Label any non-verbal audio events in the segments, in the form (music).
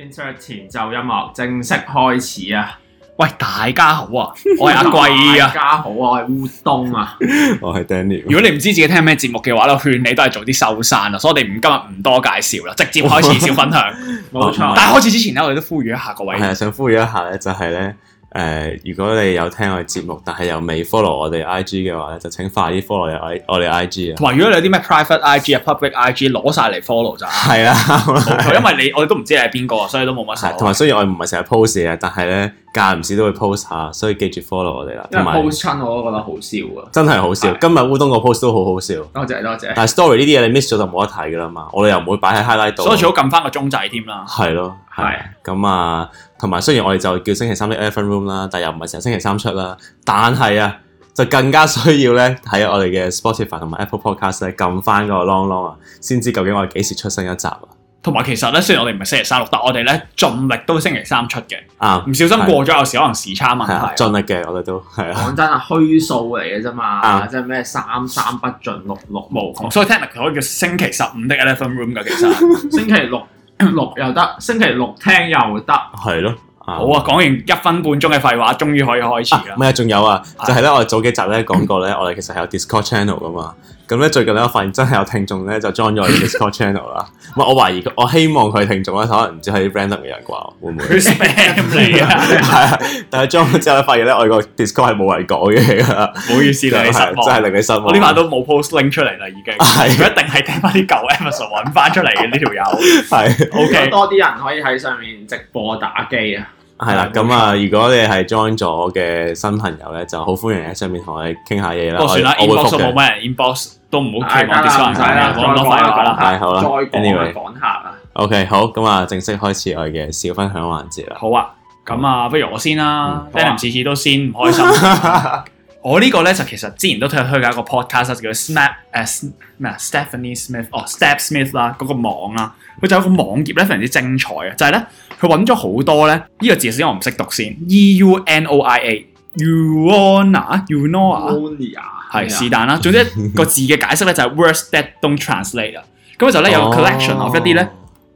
insert 前奏音樂，正式開始啊！喂，大家好啊，我係阿貴啊， (laughs) 大家好啊，我係烏冬啊，我係 Denim。如果你唔知自己聽咩節目嘅話咧，勸你都係早啲收山啦，所以我哋唔今日唔多介紹啦，直接開始小分享。冇 (laughs) 錯，啊啊、但係開始之前咧，我哋都呼籲一下各位，係啊，啊，想呼籲一下咧，就係、是、咧。誒，如果你有聽我哋節目，但係又未 follow 我哋 IG 嘅話咧，就請快啲 follow 我哋 IG 啊！同埋，如果你有啲咩 private IG 啊、public IG，攞晒嚟 follow 咋？係啊，冇錯，因為你我哋都唔知你係邊個，所以都冇乜同埋，雖然我哋唔係成日 post 嘅，但係咧間唔時都會 post 下，所以記住 follow 我哋啦。因為 post 親我都覺得好笑啊！真係好笑，今日烏冬個 post 都好好笑。多謝多謝。但係 story 呢啲嘢你 miss 咗就冇得睇噶啦嘛，我哋又唔會擺喺 highlight 度。所以最好撳翻個鐘仔添啦。係咯，係咁啊。同埋雖然我哋就叫星期三的 Elephant Room 啦，但又唔係成日星期三出啦。但係啊，就更加需要咧喺我哋嘅 Spotify 同埋 Apple Podcast 度撳翻個 long long 啊，先知究竟我哋幾時出新一集啊。同埋其實咧，雖然我哋唔係星期三六，但我哋咧盡力都星期三出嘅。啊，唔小心過咗有時可能時差問題、啊。盡力嘅我哋都係啊。講真啊，虛數嚟嘅啫嘛，啊、即係咩三三不盡六六無窮， (laughs) 所以聽日其實可以叫星期十五的 Elephant Room 噶，其實 (laughs) 星期六。六又得，星期六聽又得，係咯。啊好啊，講完一分半鐘嘅廢話，終於可以開始啦。咩？仲、啊啊、有啊？啊就係呢。我哋早幾集呢講過呢，我哋其實係有 Discord channel 㗎嘛。咁咧最近咧，我發現真係有聽眾咧就 join 咗我哋 Discord channel 啦。我懷疑我希望佢聽眾咧，可能唔知係啲 random 嘅人啩，會唔會 Random 嚟嘅？係啊。但係 join 咗之後發現咧我個 Discord 係冇人講嘅。唔好意思，令你失望，真係令你失望。我呢晚都冇 post 拎出嚟啦，已經係一定係掟翻啲舊 Amazon 揾翻出嚟嘅呢條友。係 OK，多啲人可以喺上面直播打機啊。係啦，咁啊，如果你係 join 咗嘅新朋友咧，就好歡迎喺上面同我哋傾下嘢啦。我會覆嘅。inbox 冇乜人 inbox。都唔好傾咁多，唔使啦，講多廢話啦嚇。再講下啦。O K，好咁啊，正式開始我哋嘅小分享環節啦。好啊，咁啊，不如我先啦。Daniel 次次都先唔開心。我呢個咧就其實之前都推推介一個 podcast 叫 Snap，誒咩啊，Stephanie Smith，哦 Step Smith 啦，嗰個網啊，佢就有個網頁咧非常之精彩啊。就係咧佢揾咗好多咧呢個字，首先我唔識讀先，E U N O I A，Uona，Uona n。係是但啦，總之個字嘅解釋咧就係 words that don't translate 啊，咁就咧有 collection of 一啲咧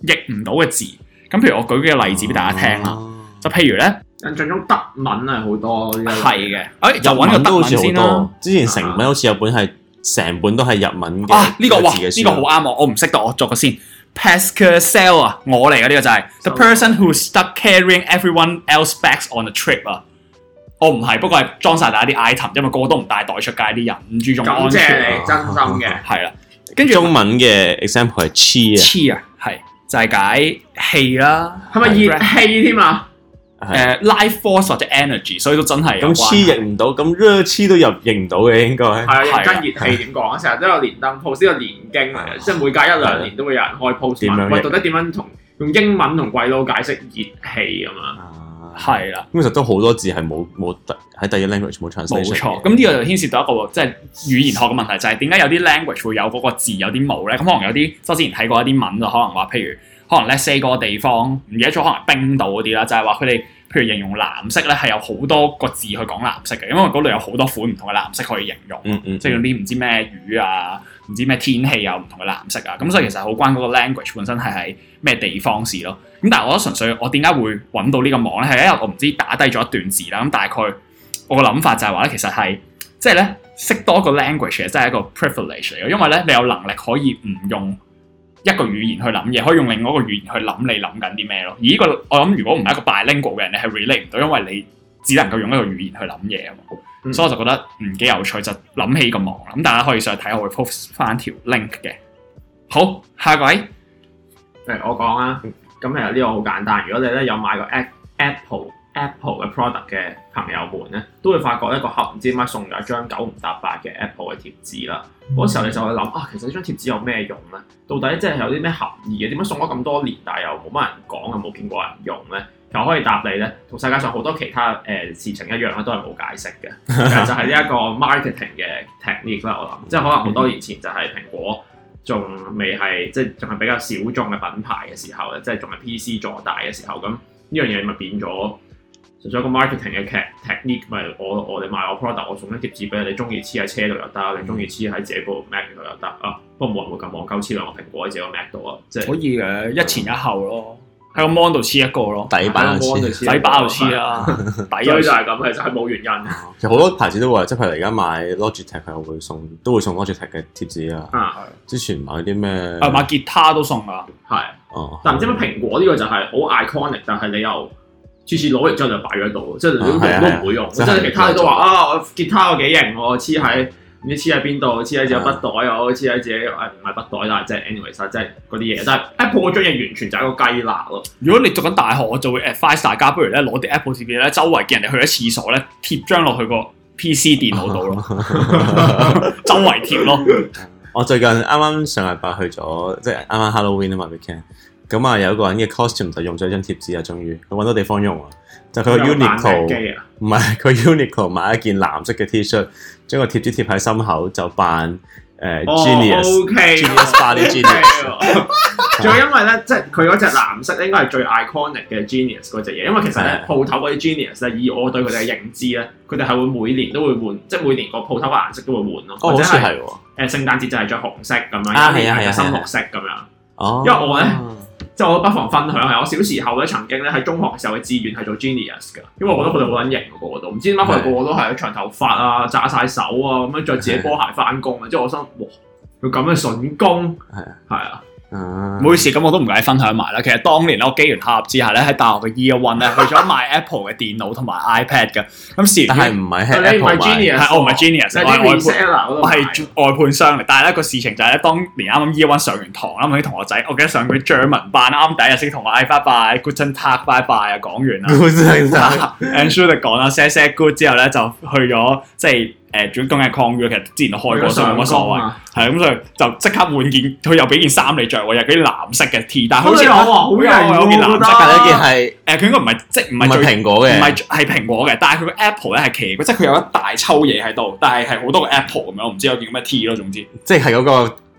譯唔到嘅字，咁譬如我舉幾嘅例子俾大家聽嚇，就譬如咧印象中德文啊好多，係嘅，哎又揾個德文先啦，之前成本好似有本係成本都係日文嘅。啊呢個哇呢個好啱我，我唔識得，我作個先，Pascal 啊我嚟嘅呢個就係 the person who stuck carrying everyone else bags on the trip 啊。我唔係，不過係裝晒大家啲 item，因為個個都唔帶袋出街，啲人唔注重。多謝你，真心嘅係啦，跟住中文嘅 example 係 chi，係就係解氣啦，係咪熱氣添啊？誒，life force 或者 energy，所以都真係咁 chi 認唔到，咁 chi 都入認唔到嘅應該係啊，跟熱氣點講啊？成日都有連登 post，有連經，即係每隔一兩年都會有人開 post，喂，到底點樣同用英文同鬼佬解釋熱氣咁啊？係啦，咁其實都好多字係冇冇喺第一 language 冇翻譯。冇錯，咁呢個就牽涉到一個即係、就是、語言學嘅問題，就係點解有啲 language 會有嗰個字有啲冇咧？咁可能有啲，我之前睇過一啲文就可能話，譬如可能 let's say 嗰個地方，唔記得咗，可能冰島嗰啲啦，就係話佢哋，譬如形容藍色咧，係有好多個字去講藍色嘅，因為嗰度有好多款唔同嘅藍色可以形容，嗯嗯、即係嗰啲唔知咩魚啊。唔知咩天氣啊，唔同嘅藍色啊，咁所以其實好關嗰個 language 本身係喺咩地方事咯。咁但係我覺得純粹我點解會揾到呢個網呢？係因為我唔知打低咗一段字啦。咁大概我個諗法就係話咧，其實係即係咧識多個 language 係真係一個 privilege 嚟嘅，因為呢，你有能力可以唔用一個語言去諗嘢，可以用另外一個語言去諗你諗緊啲咩咯。而呢個我諗，如果唔係一個 bilingual 嘅人，你係 relate 唔到，因為你只能夠用一個語言去諗嘢啊嘛。嗯、所以我就覺得唔幾有趣，就諗起個網啦。咁大家可以上去睇，我會 post 翻條 link 嘅。好，下一位、欸，誒我講啦、啊。咁其實呢個好簡單。如果你咧有買過 App Apple Apple 嘅 product 嘅朋友們咧，都會發覺麼一個盒唔知點解送咗張九唔搭八嘅 Apple 嘅貼紙啦。嗰、嗯、時候你就會諗啊，其實呢張貼紙有咩用咧？到底即係有啲咩含義嘅？點解送咗咁多年，但係又冇乜人講，又冇見過人用咧？就可以答你咧，同世界上好多其他誒、呃、事情一樣咧，都係冇解釋嘅， (laughs) 就係呢一個 marketing 嘅 technique 啦。我諗即係可能好多年前就係蘋果仲未係 (laughs) 即係仲係比較小眾嘅品牌嘅時候，即係仲係 PC 做大嘅時候，咁呢樣嘢咪變咗，純粹一個 marketing 嘅 technique 咪我買我哋賣我 product，我送一貼紙俾你，你中意黐喺車度又得，你中意黐喺自己部 Mac 度又得啊。不過冇人會咁憨鳩黐兩個蘋果喺自己個 Mac 度啊，即係可以嘅一前一後咯。喺個 Mon 度黐一個咯，底板就黐，底板度黐啦，底咧就係咁，其實係冇原因。其實好多牌子都會，即係譬如而家買 Logitech，係會送都會送 Logitech 嘅貼紙啊。啊，係。之前買啲咩？啊，買吉他都送啊，係。哦。但唔知點解蘋果呢個就係好 iconic，但係你又次次攞完之後就擺喺度，即係你都唔會用。即係其他人都話啊，吉他我幾型，我黐喺。唔知黐喺邊度，黐喺自己筆袋啊！黐喺自己誒唔係筆袋，啦的，即係 anyways 啊，即係嗰啲嘢。但係 Apple 嗰張嘢完全就係個雞肋咯。嗯、如果你讀緊大學，我就會 advise 大家，不如咧攞啲 Apple 貼片咧，周圍嘅人哋去咗廁所咧貼張落去個 PC 電腦度咯， (laughs) (laughs) 周圍貼咯。 (laughs) (laughs) 我最近啱啱上個禮拜去咗，即、就、係、是、啱啱 Halloween 啊嘛，weekend。咁啊，有一個人嘅 costume 就用咗一張貼紙啊，終於佢揾到地方用啊！就佢 Uniqlo，唔係佢 Uniqlo 買一件藍色嘅 T s h i r t 將個貼紙貼喺心口就扮誒 genius，扮啲 genius。仲有因為咧，即係佢嗰隻藍色應該係最 iconic 嘅 genius 嗰隻嘢，因為其實咧鋪頭嗰啲 genius 以我對佢哋嘅認知咧，佢哋係會每年都會換，即係每年個鋪頭嘅顏色都會換咯。哦，即係喎，誒聖誕節就係着紅色咁樣，一年新紅色咁樣。因為我咧。即係我都不妨分享下，我小時候咧曾經咧喺中學嘅時候嘅志願係做 genius 㗎，因為我覺得佢哋好撚型個個都，唔知點解佢哋個個都係長頭髮啊、紮晒手啊咁樣，再自己波鞋返工啊！即係是的 我心，哇，佢咁嘅筍工，係啊，係啊。唔好意思，咁我都唔介意分享埋啦。其實當年咧，我機緣巧合之下咧，喺大學嘅 Year One 咧，去咗賣 Apple 嘅電腦同埋 iPad 嘅。咁事，但唔係 h 我唔係 genius，我係外判商嚟。商但係咧個事情就係、是、咧，當年啱啱 Year One 上完堂，啱啱啲同學仔，我記得上嗰 German 班，啱啱第一日先同我拜拜，Guten Tag 拜拜啊，講完啦。Guten Tag and 講啦，say say good 之後咧，就去咗即係。就是誒，主動嘅抗議其實之前開過都冇乜所謂，係咁所以就即刻換件，佢又俾件衫你着喎，又嗰啲藍色嘅 T，但係好似好話好型啊，嗰件藍色嘅一件係誒，佢、呃、應該唔係即唔係最唔係蘋果嘅，唔係係蘋果嘅，但係佢個 Apple 咧係奇，即係佢有一大抽嘢喺度，但係係好多個 Apple 咁樣，我唔知有件咩 T 咯，總之即係嗰、嗰個。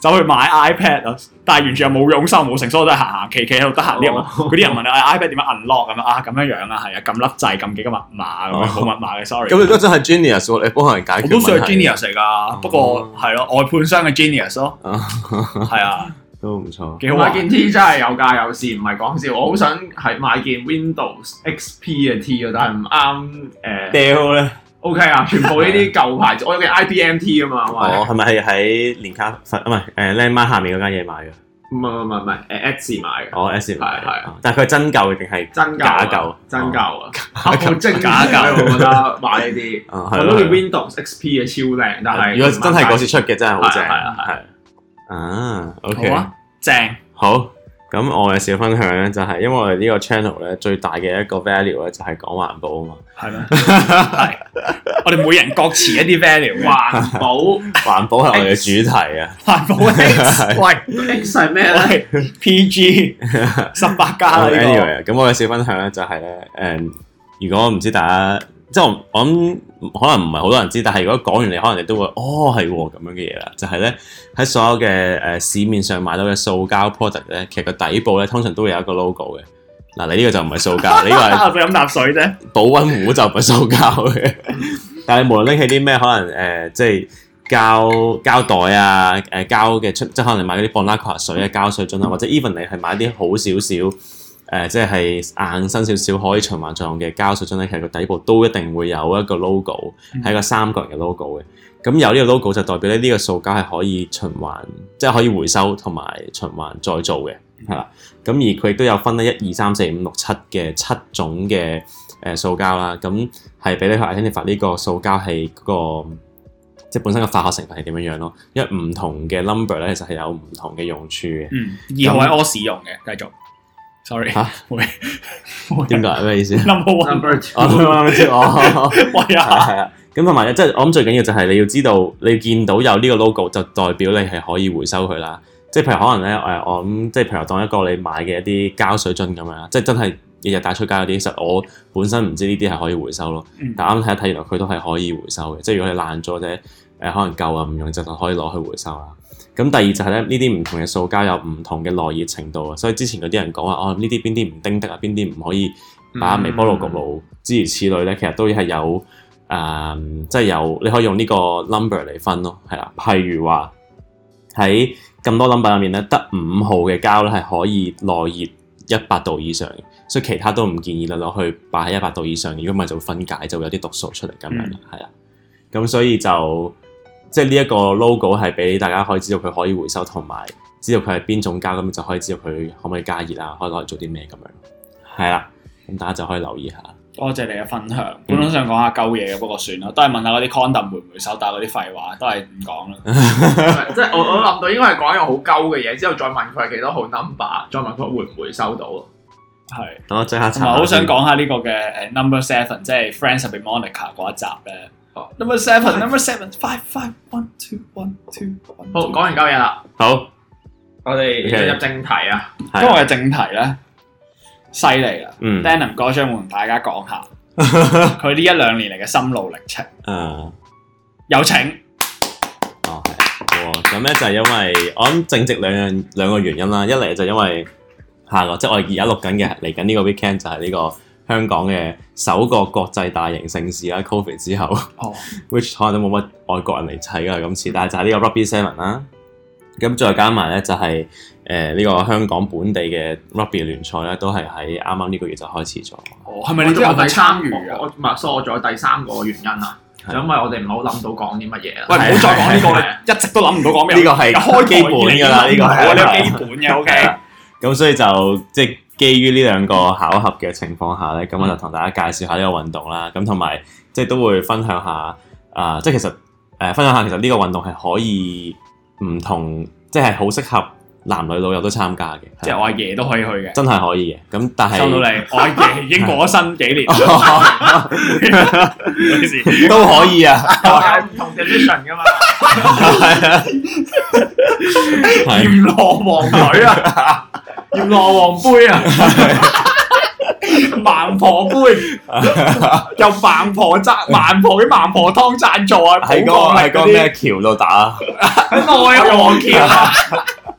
走去買 iPad、oh. 啊！但係完全又冇用心冇成，所以都係行行企企喺度得閒呢樣。嗰啲人問你啊，iPad 點樣 unlock 咁樣啊？咁樣樣啊，係啊，撳粒掣，撳幾個密碼咁冇、oh. 密碼嘅。sorry。咁你都真係 genius 喎！你幫人解決問題係。我都算係 genius 嚟噶，oh. 不過係咯外判商嘅 genius 咯、oh. 的。係啊，都唔錯。買件 T 真係有價有市，唔係講笑。我好想係買件 Windows XP 嘅 T，但係唔啱誒掉咧。呃 O K 啊，全部呢啲舊牌子，我用 I p M T 啊嘛，我係咪係喺聯卡佛啊？唔係，誒，靚媽下面嗰間嘢買嘅，唔係唔係唔係，誒，S 買嘅，哦，x M 係，但係佢係真舊定係假舊？真舊啊，好真假舊，我覺得買呢啲，佢嗰件 Windows X P 嘅超靚，但係如果真係嗰次出嘅真係好正，係啊係，啊，O K，正好。咁我嘅小分享咧，就係、是、因為我哋呢個 channel 咧，最大嘅一個 value 咧，就係講環保啊嘛嗎。係咩？係。我哋每人各持一啲 value。環保。 (laughs) 環保係我哋嘅主題啊。X? (laughs) 環保 X， (laughs) 是喂，X 係咩咧？PG 十八加呢個。咁、 (laughs) okay, anyway, 我嘅小分享咧，就係、是、咧，誒、嗯，如果唔知大家。即係我諗可能唔係好多人知道，但係如果講完你，可能你都會哦係咁樣嘅嘢啦。就係咧喺所有嘅誒、呃、市面上買到嘅塑膠 product 咧，其實個底部咧通常都會有一個 logo 嘅。嗱，你呢個就唔係塑膠， (laughs) 你呢個係飲啖水啫。保溫壺就唔係塑膠嘅， (laughs) 但係無論拎起啲咩可能誒、呃，即係膠膠袋啊，誒膠嘅出即係可能你買嗰啲 Bonaqua 水啊膠水樽啊， (laughs) 或者 even 你係買啲好少少。誒、呃，即係硬身少少可以循環作用嘅膠水樽咧，其實個底部都一定會有一個 logo，係、嗯、一個三角形嘅 logo 嘅。咁有呢個 logo 就代表咧呢、這個塑膠係可以循環，即係可以回收同埋循環再做嘅，係啦。咁、嗯、而佢亦都有分得一二三四五六七嘅七種嘅塑膠啦。咁係俾你睇下 identify 呢個塑膠係嗰、那個即係本身嘅化學成分係點樣樣咯。因為唔同嘅 number 咧，其實係有唔同嘅用處嘅。嗯，二號喺我使用嘅，繼續那。Sorry 嚇、啊，喂 (laughs) 誰，點解咩意思？Number one，number two，我唔係 number two，我係啊，咁同埋咧，即係我諗最緊要就係你要知道，你要見到有呢個 logo 就代表你係可以回收佢啦。即係譬如可能咧，誒，我諗即係譬如當一個你買嘅一啲膠水樽咁樣，即係真係日日帶出街嗰啲，其實我本身唔知呢啲係可以回收咯。嗯、但啱啱睇一睇，原來佢都係可以回收嘅。即係如果佢爛咗啫。誒，可能夠啊，唔用就就可以攞去回收啦。咁第二就係、是、咧，呢啲唔同嘅塑膠有唔同嘅耐熱程度啊，所以之前嗰啲人講話哦，呢啲邊啲唔叮得啊，邊啲唔可以擺微波爐焗爐，嗯、諸如此類呢，其實都係有誒，即、嗯、係、就是、有你可以用呢個 number 嚟分咯，係啦。譬如話喺咁多 number 入面咧，得五號嘅膠咧係可以耐熱一百度以上，所以其他都唔建議你攞去擺喺一百度以上，如果唔係就會分解，就會有啲毒素出嚟咁樣啦，係啦、嗯。咁所以就。即係呢一個 logo 係俾大家可以知道佢可以回收，同埋知道佢係邊種膠，咁就可以知道佢可唔可以加熱啊，可以攞嚟做啲咩咁樣。係啦，咁大家就可以留意下。多謝你嘅分享。本來想講下鳩嘢嘅，嗯、問問會不過算啦，都係問下嗰啲 condom 會唔會收，但係嗰啲廢話都係唔講啦。即係 (laughs) (laughs) 我我諗到應該係講一樣好鳩嘅嘢，之後再問佢係幾多號 number，再問佢會唔會收到。係是，等我即刻查下而且。我好想講下呢個嘅誒 number seven，即係 Friends 入面 Monica 嗰一集咧。Number seven, number seven, five, five, one, two, one, two, 好，講完交嘢啦。好，我哋進入正題啊。因為我嘅正題咧，犀利啦。Denim 哥將會同大家講下佢呢一兩年嚟嘅心路歷程。 (laughs) 有請。哦，係、啊。哇，咁咧就係因為，我諗正值兩樣兩個原因啦。一嚟就是因為、啊就是、下個，即係我哋而家錄緊嘅，嚟緊呢個 weekend 就係呢個。香港嘅首個國際大型盛事啦，Covid 之後，which 可能都冇乜外國人嚟睇啦，今次但係就係呢個 Rugby Seven 啦，咁再加埋咧就係誒呢個香港本地嘅 Rugby 聯賽咧，都係喺啱啱呢個月就開始咗。哦，係咪你都有參與啊？唔係，所以我再第三個原因啦，就因為我哋唔好諗到講啲乜嘢。喂，唔好再講呢個啦，一直都諗唔到講咩。呢個係開基本嘅啦，呢個係啦。咁所以就即係基於呢兩個巧合嘅情況下呢，咁我就同大家介紹下呢個運動啦。咁同埋即係都會分享下即係、呃即係、其實、呃、分享下，其實呢個運動係可以唔同，即係好適合。男女老幼都參加嘅，即係我阿爺都可以去嘅，真係可以嘅。咁但係收到你，我阿爺、爺已經過咗身幾年， (laughs) 都可以啊。唔同嘅 dimension 噶嘛，係啊，閻、啊啊啊、羅王女啊，閻羅王杯啊，孟、啊、婆杯又孟 (laughs) 婆贊孟婆啲孟婆湯贊助啊，喺個喺個咩橋度打、啊嗯？我愛王橋啊！ (laughs) 橋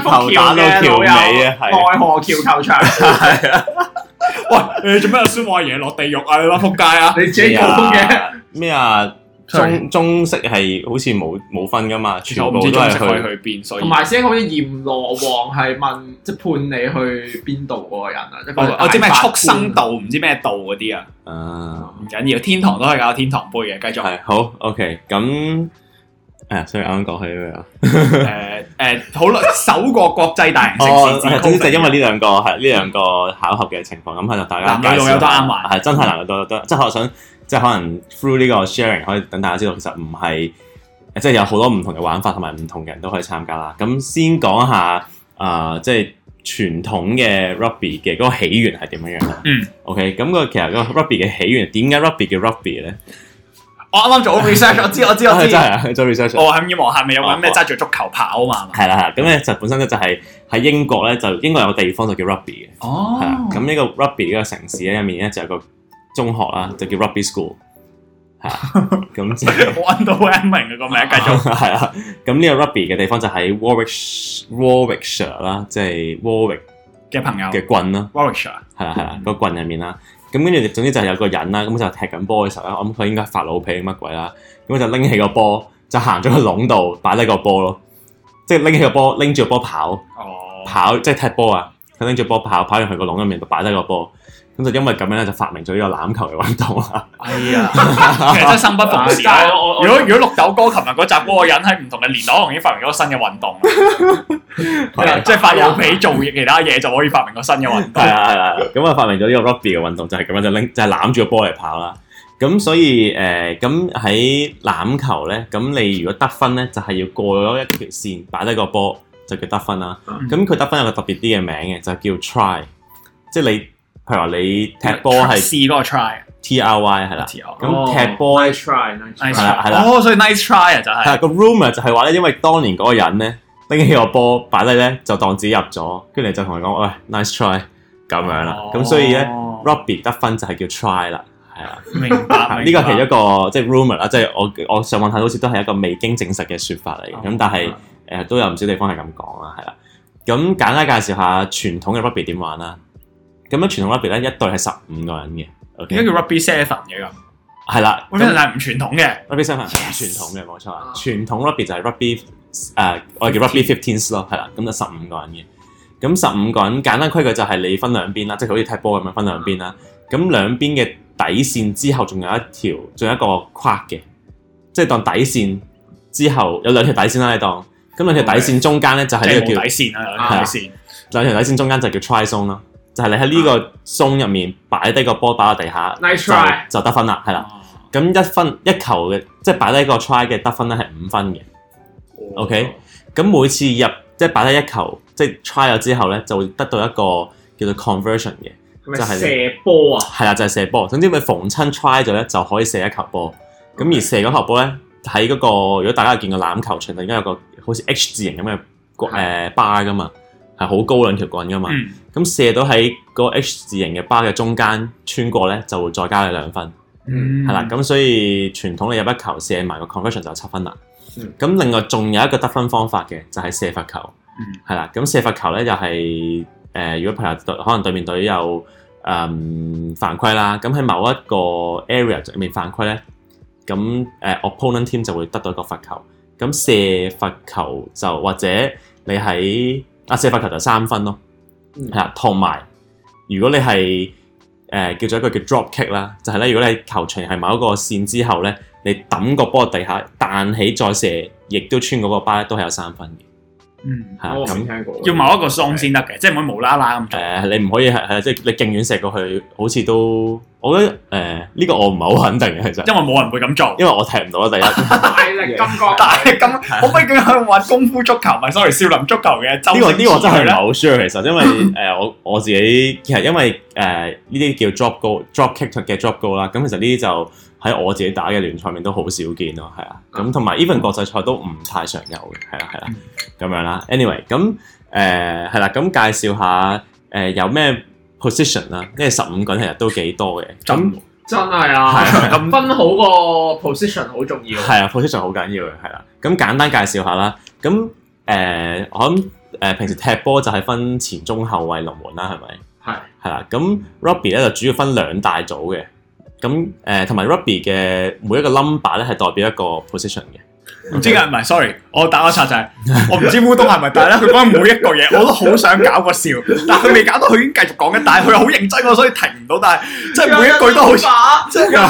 頭打到橋尾啊，奈何橋頭長係啊！喂，你做咩又輸我阿爺落地獄啊？你咯，仆街啊！你自己溝通嘅咩啊？中中式係好似冇冇分噶嘛？的全部都係去去邊？同埋先好似閻羅王係問 (laughs) 即係判你去邊度嗰個人啊？哦、即係我知咩畜生道，唔知咩道嗰啲啊？唔緊要，天堂都可以搞天堂杯嘅。繼續係好，OK，咁。誒、啊，所以啱啱講起呢個誒誒，好論、uh, uh, (laughs) 首個國際大型城市， (laughs) 哦，總之就因為呢兩個係呢 (laughs) 兩個巧合嘅情況，咁喺度大家，啊、有玩真難用又得啱埋，係真係難到得得，即係我想，即係可能 through 呢個 sharing 可以等大家知道，其實唔係，即係有好多唔同嘅玩法同埋唔同嘅人都可以參加啦。咁先講一下誒，即係傳統嘅 Rugby 嘅嗰個起源係點樣樣，嗯，OK，咁個其實個 Rugby 嘅起源，點解 Rugby 叫 Rugby 咧？我啱啱做咗 research，我知我知我知。真係啊，做 research。我喺英王下面有搵咩揸住足球跑啊嘛。係啦，咁咧就本身咧就係喺英國咧，就英國有地方就叫 Rugby 嘅。哦。咁呢個 Rugby 呢個城市咧入面咧就有個中學啦，就叫 Rugby School。吓，咁即係我 understanding 啊個名繼續係啊。咁呢個 Rugby 嘅地方就喺 Warwickshire 啦，即係 Warwick 嘅朋友嘅郡啦。Warwickshire。係啊係啊，個郡入面啦。咁跟住，總之就有個人啦。咁就踢緊波嘅時候咧，我諗佢應該發老脾乜鬼啦。咁就拎起個波，就行咗個籠度擺低個波囉。即拎起個波，拎住個波跑，跑、oh. 即踢波啊！佢拎住個波跑，跑入去個籠入面就擺低個波。咁就因為咁樣咧，就發明咗呢個欖球嘅運動啦。係啊，其實真係生不逢時。Yeah, 如果如果綠豆哥琴日嗰集嗰個人喺唔同嘅年代，可能已經發明咗新嘅運動。係啊，即係發郵皮做其他嘢就可以發明個新嘅運動。係啊係啊，咁啊發明咗呢個 rugby 嘅運動就係咁樣，就拎就攬住個波嚟跑啦。咁所以誒，咁喺欖球咧，咁你如果得分咧，就係、是、要過咗一條線，擺低個波就叫得分啦。咁佢、mm. 得分有個特別啲嘅名嘅，就叫 try，即係你。譬如話，你踢波係試嗰個 try，T R Y 係啦。咁踢波 nice try，係啦。哦，所以 nice try 就係。係個 rumor 就係話咧，因為當年嗰個人咧拎起個波擺低咧，就當自己入咗，跟住你就同佢講喂 nice try 咁樣啦。咁所以咧，Rugby 得分就係叫 try 啦，係啊。明白。呢個係一個即係 rumor 啦，即係我我想問下，好似都係一個未經證實嘅説法嚟嘅。咁但係誒都有唔少地方係咁講啊，係啦。咁簡單介紹下傳統嘅 Rugby 點玩啦。咁樣傳統 Rugby 咧，一隊係十五個人嘅。而家叫 Rugby Seven 嘅咁。係啦，咁但係唔傳統嘅。Rugby Seven 唔傳統嘅冇錯，傳統 Rugby 就係 Rugby 誒，我哋叫 Rugby Fifteens 咯，係啦，咁就十五個人嘅。咁十五個人簡單規矩就係你分兩邊啦，即係好似踢波咁樣分兩邊啦。咁兩邊嘅底線之後仲有一條，仲有一個框嘅，即係當底線之後有兩條底線啦，你當。咁兩條底線中間咧就係呢個叫底線啦，底線。兩條底線中間就叫 Try Zone 啦，就係你喺呢個 zone 入面擺低個波，擺落地下，就得分啦，係啦。咁一分一球嘅，即係擺低個 try 嘅得分咧，係五分嘅。OK，咁每次入即係擺低一球，即係 try 咗之後咧，就會得到一個叫做 conversion 嘅，就係射波啊。係啦，就係射波。總之佢逢親 try 咗咧，就可以射一球波。咁 Okay. 而射嗰球波咧，喺嗰個如果大家有見過欖球場，應該有個好似 H 字形咁嘅個誒 bar 噶嘛，係好高嘅兩條棍噶嘛。Mm. 咁射到喺個 H 字形嘅 bar 嘅中間穿過咧，就會再加你兩分，係啦、mm。咁、hmm. 所以傳統你入一球射埋、那個 conversion 就七分啦。咁、mm hmm. 另外仲有一個得分方法嘅就係、是、射罰球，係啦、mm。咁、hmm. 射罰球咧又係誒如果譬如可能對面隊有誒、嗯、犯規啦，咁喺某一個 area 裏面犯規咧，咁誒、uh, opponent team 就會得到一個罰球。咁射罰球就或者你喺啊射罰球就三分咯。同埋、嗯、如果你係、呃、叫做一個叫 drop kick 啦，就係咧，如果你球場係某一個線之後咧，你揼個波地下彈起再射，亦都穿嗰個巴都係有三分嘅。嗯，係是，我冇聽過那要某一個 zone 先得嘅，即係唔可以無啦啦咁。誒、你唔可以，即係你勁遠射過去，好似都。我覺得誒呢、呃，這個我唔係好肯定嘅，其實因為冇人會咁做，因為我踢唔到啦。第一大力感覺大咁，我畢竟係玩功夫足球，唔係 sorry 少林足球嘅。呢個呢個真係唔係好 sure 其實，因為誒我我自己其實因為誒呢啲叫 drop goal drop kick 嘅 drop goal 啦。咁其實呢啲就喺我自己打嘅聯賽面都好少見咯，係啊。咁同埋 even 國際賽都唔太常有嘅，係啦係啦咁樣啦。anyway 咁誒係啦，咁、呃、介紹下誒、呃、有咩？position 啦，因為十五個人其實都幾多嘅，咁真係那啊，咁、啊、 (laughs) 分好個 position 好重要係，啊，係啊，position 好緊要嘅，係啦，咁簡單介紹一下啦，咁、呃、我諗、呃、平時踢波就係分前中後衛龍門啦，係咪？係係啦，咁 Rugby 咧就主要分兩大組嘅，咁誒同、呃、埋 Rugby 嘅每一個 number 咧係代表一個 position 嘅。唔 Okay. 知啊。唔係，sorry，我打個叉仔，我唔知烏冬係咪，但係咧佢講每一個嘢，我都好想搞個笑，但係佢未搞到，佢已經繼續講緊，但係佢又好認真，我所以停唔到，但係即係每一句都好似，所以即係真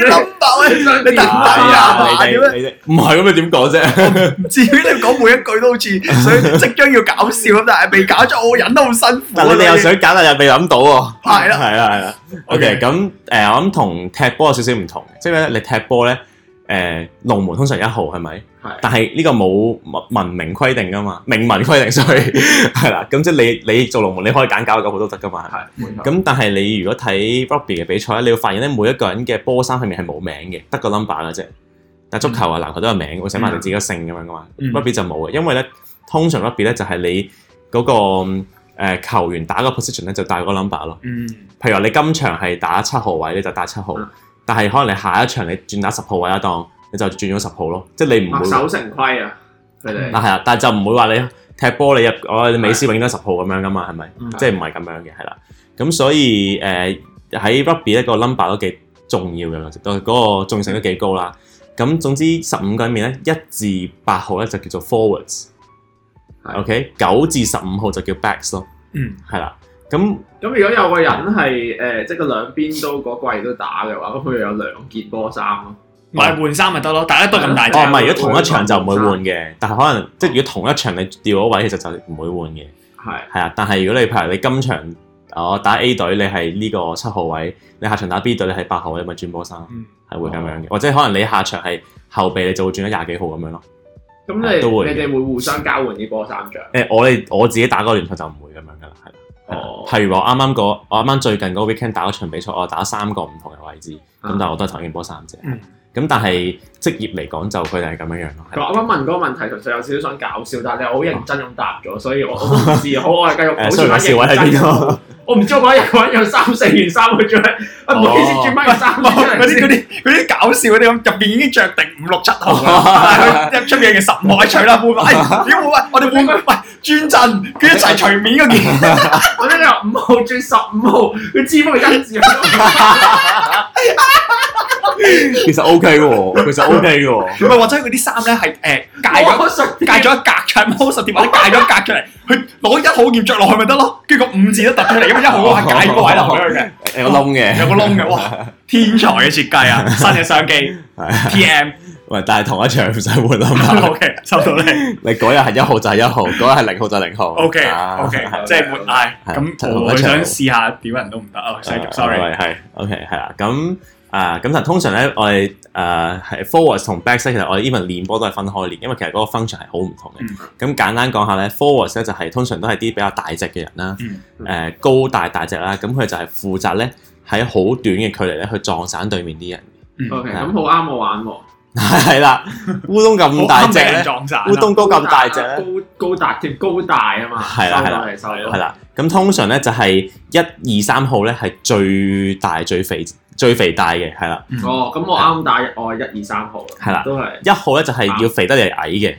嘅，諗到你點啊？你點？唔係咁你點講啫？至於你講每一句都好似想即將要搞笑，咁。但係未搞咗，我忍得好辛苦。但係你又想搞，但係又未諗到喎。係啦，係啦，係啦。OK，咁誒、okay, 呃，我諗同踢波有少少唔同嘅，即係你踢波咧。誒、呃、龍門通常一號係咪？係係但係呢個冇文明規定㗎嘛，明文規定，所以係啦。咁即係你你做龍門你可以揀九號，九號都得㗎嘛。係。咁但係你如果睇 Rugby 嘅比賽，你要發現咧，每一個人嘅波衫上面係冇名嘅，得個 number 㗎啫。但足球啊、嗯、籃球都有名，會寫埋你自己個姓咁、嗯、樣㗎嘛。Rugby 就冇嘅，因為咧通常 Rugby 咧就係你嗰、那個、呃、球員打個 position 咧就帶個 number 咯。嗯、譬如話你今場係打七號位，你就打七號，但係可能你下一場你轉打十號位一當你就轉咗十號咯，即、就、係、是、你唔、啊、墨守成規啊，佢哋們。嗯、但係啊，但就唔會話你踢波你入我、哦、美斯永遠都十號咁樣噶嘛，係咪、嗯？即係唔係咁樣嘅，係啦。咁所以喺、呃、Rugby 一個 number 都幾重要嘅，其實都嗰個重要性都幾高啦。咁總之十五個入面咧，一至八號咧就叫做 Forwards，OK 的。九至十五號就叫 Backs 咯，係啦。咁咁，如果有個人係誒，即係個兩邊都個季都打嘅話，咁佢有兩件波衫咯，買換衫咪得咯，大家都咁大隻。唔係，如果同一場就唔會換嘅，但係可能即係如果同一場你掉嗰位，其實就唔會換嘅。係係啊，但係如果你譬如你今場哦打 A 隊，你係呢個七號位，你下場打 B 隊，你係八號位，咪轉波衫，係會咁樣嘅，或者可能你下場係後備，你就會轉咗廿幾號咁樣咯。咁你哋會互相交換啲波衫嘅？誒，我哋我自己打嗰個聯賽就唔會咁樣。係，譬、oh. 如我啱啱、嗰個，我啱啱最近嗰 weekend 打嗰場比賽，我係打三個唔同嘅位置，咁、uh huh. 但係我都係同一波三隻。Uh huh. 咁但係職業嚟講就佢哋係咁樣樣咯。我我想問嗰個問題，實際有少少想搞笑，但係我好認真咁答咗，所以我唔好我係繼續保持認真。我唔知嗰日搵有三四件衫，我着，我唔知先着乜嘢衫。嗰啲嗰啲啲搞笑嗰啲咁入邊已經着定五六七號，出出邊嘅十五號一除啦，換翻，點我哋換唔？喂，轉陣，佢一齊除面嗰件，我先話五號，轉十五號，佢知唔知一字？其實 OK 喎，其實 OK 喎。唔係或者佢啲衫咧係誒，解咗解咗一格嘅魔術貼，或者戒咗一格出嚟，佢攞一號劍着落去咪得咯。跟住個五字都突出嚟，因為一號係解位咁樣嘅，有個窿嘅，有個窿嘅。哇，天才嘅設計啊，新嘅相機，TM。喂，但係同一場唔使換啦。O K，收到你。你嗰日係一號就係一號，嗰日係零號就零號。O K，O K，即係換。嗌。咁，我想試下點人都唔得啊。Sorry，係 O K，係啦咁。啊，咁通常咧，我哋誒係 forwards 同 backs 咧，其實我哋 even 練波都係分開練，因為其實嗰個 function 係好唔同嘅。咁簡單講下咧，forwards 咧就係通常都係啲比較大隻嘅人啦，誒高大大隻啦，咁佢就係負責咧喺好短嘅距離咧去撞散對面啲人。OK，咁好啱我玩喎。係啦，烏冬咁大隻，烏冬都咁大隻，高高大添，高大啊嘛。係啦，係啦，係啦。咁通常咧就係一二三號咧係最大最肥，最肥大嘅。係啦，哦，咁我啱打我係一二三號，係啦，都係一號咧就係要肥得嚟矮嘅。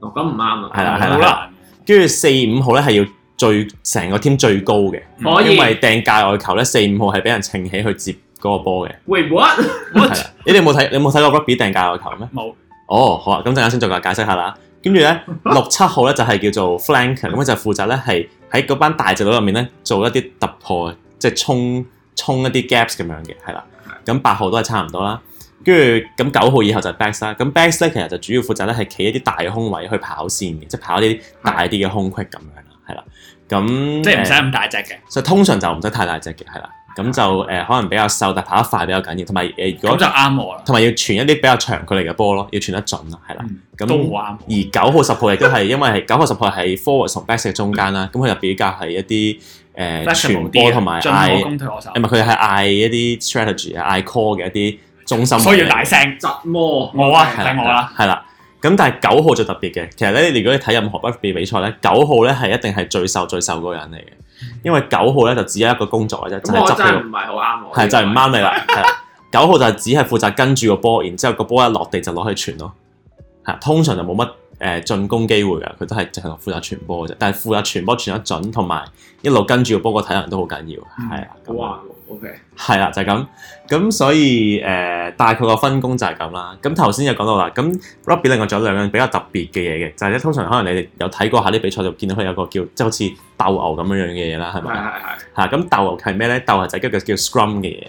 哦，咁唔啱啊，係啦係啦，好難。跟住四五號咧係要最成個 team 最高嘅，可以，因為掟界外球咧四五號係俾人撐起去接嗰個波嘅。喂 what？係啦，你哋有冇睇有冇睇 rugby 掟界外球咩？冇。哦，好啊，咁陣間先再解釋下啦。跟住咧六七號咧就係叫做 flanker，咁佢就負責咧係喺嗰班大隻佬入面咧做一啲突破，即係衝衝一啲 gaps 咁樣嘅，係啦。咁八的號都係差唔多啦，跟住咁九號以後就是 backs 啦。咁 backs 咧其實就主要負責咧係企一啲大嘅空位去跑線嘅，即係跑啲大啲嘅的空隙 u 咁樣啦，係啦。咁即係唔使咁大隻嘅。所以通常就唔使太大隻嘅，係啦。咁的就誒、呃、可能比較瘦，但係跑得快比較緊要。同埋誒如果咁就啱我啦。同埋要傳一啲比較長距離嘅波咯，要傳得準啦，係啦。咁、嗯、那都好啱我。而九號十號亦都係因為九號十號係 forward 同 backs 嘅中間啦，咁佢、嗯、就比較係一啲。誒傳波同埋嗌，誒唔係佢係嗌一啲 strategy 啊，嗌 call 嘅一啲中心，所以要大聲執波我啊，係我啦，係啦。咁但係九號最特別嘅，其實咧，如果你睇任何 NBA 比賽咧，九號咧係一定係最瘦最瘦個人嚟嘅，因為九號咧就只有一個工作嘅啫，就係執佢。真係唔係好啱我，係就唔啱你啦。係九號就係只係負責跟住個波，然之後個波一落地就攞去傳咯，係通常就冇乜。誒進攻機會啊，佢都係凈係負責傳波啫。但係負責傳波傳得準，同埋一路跟住個波個體能都好緊要，係啊、嗯。是的哇是的，OK，係啦，就係咁咁，所以誒、呃、大概個分工就係咁啦。咁頭先就講到啦，咁 Rugby 另外仲有兩樣比較特別嘅嘢嘅，就係、是、咧通常可能你哋有睇過下啲比賽就見到佢有個叫即係好似鬥牛咁樣樣嘅嘢啦，係咪？係咁鬥牛係咩咧？鬥牛就係一個叫 Scrum 嘅嘢。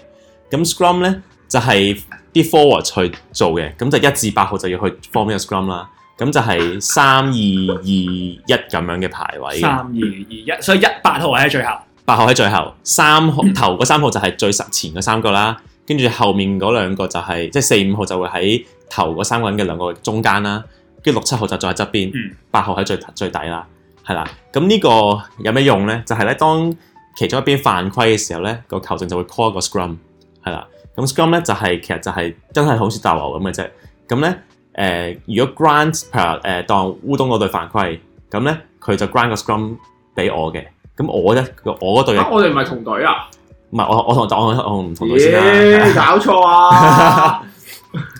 咁 Scrum 咧就係、是、啲 Forward 去做嘅，咁就一至八號就要去 form 呢個 Scrum 啦。咁就係三二二一咁樣嘅排位。三二二一，所以一八號喺最後。八號喺最後。三頭嗰三號就係最實前嗰三個啦，跟住後面嗰兩個就係即係四五號就會喺頭嗰三個人嘅兩個中間啦。跟住六七號就再喺側邊。嗯。八號喺最最底啦，係啦。咁呢個有咩用咧？就係咧當其中一邊犯規嘅時候咧，個球證就會 call 一個 scrum。係啦。咁 scrum 咧就係其實就係真係好似逗留咁嘅啫。咁咧。誒，如果 grant 譬如誒當烏冬嗰隊犯規，咁咧佢就 grant 個 scrum 俾我嘅，咁我咧我嗰隊嘅，我哋唔係同隊啊，唔係我我同我我唔同隊先啦，耶 (laughs) 搞錯啊，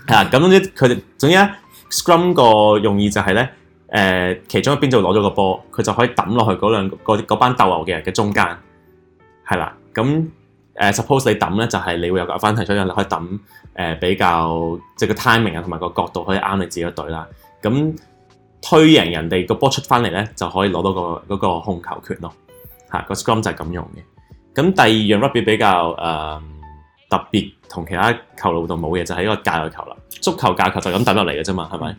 係啊， (laughs) 咁總之佢哋總之咧 scrum 個用意就係、是、咧，誒、呃、其中一邊就攞咗個波，佢就可以抌落去嗰兩班鬥牛嘅人嘅中間，係啦，咁。誒、uh, suppose 你抌咧，就係、是、你會有個翻提，所以你可以抌誒、呃、比較即、就是、個 timing 啊同埋個角度可以啱你自己個隊啦。咁推贏人哋個波出翻嚟咧，就可以攞到、那個嗰、那個、控球權咯。嚇、那個 scrum 就係咁用嘅。咁第二樣 rugby 比較誒、呃、特別同其他球類活動冇嘢，就係、是、一個界外球啦。足球界外球就咁抌落嚟嘅啫嘛，係咪？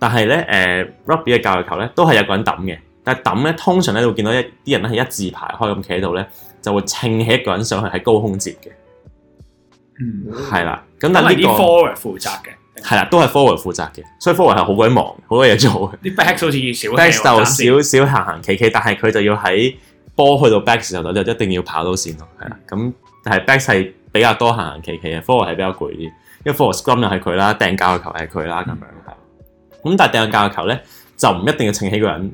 但係咧誒 rugby 嘅界外球咧、呃、都係有個人抌嘅，但係抌咧通常咧你會見到一啲人咧係一字排開咁企喺度咧。就會撐起一個人上去喺高空接嘅，係啦、嗯。咁但係呢啲 forward 負責嘅，係啦，都係 forward 負責嘅。所以 forward 係好鬼忙，好多嘢做嘅。啲 back 好似少，back 就少少行行企企，但係佢就要喺波去到 back 嘅時候，就一定要跑到線咯。係啊，咁係、嗯、back 係比較多行行企企嘅，forward 係比較攰啲。因為 forward scrum 又係佢啦，掟教嘅球係佢啦，咁樣係。咁但係掟教嘅球咧，就唔一定要撐起個人，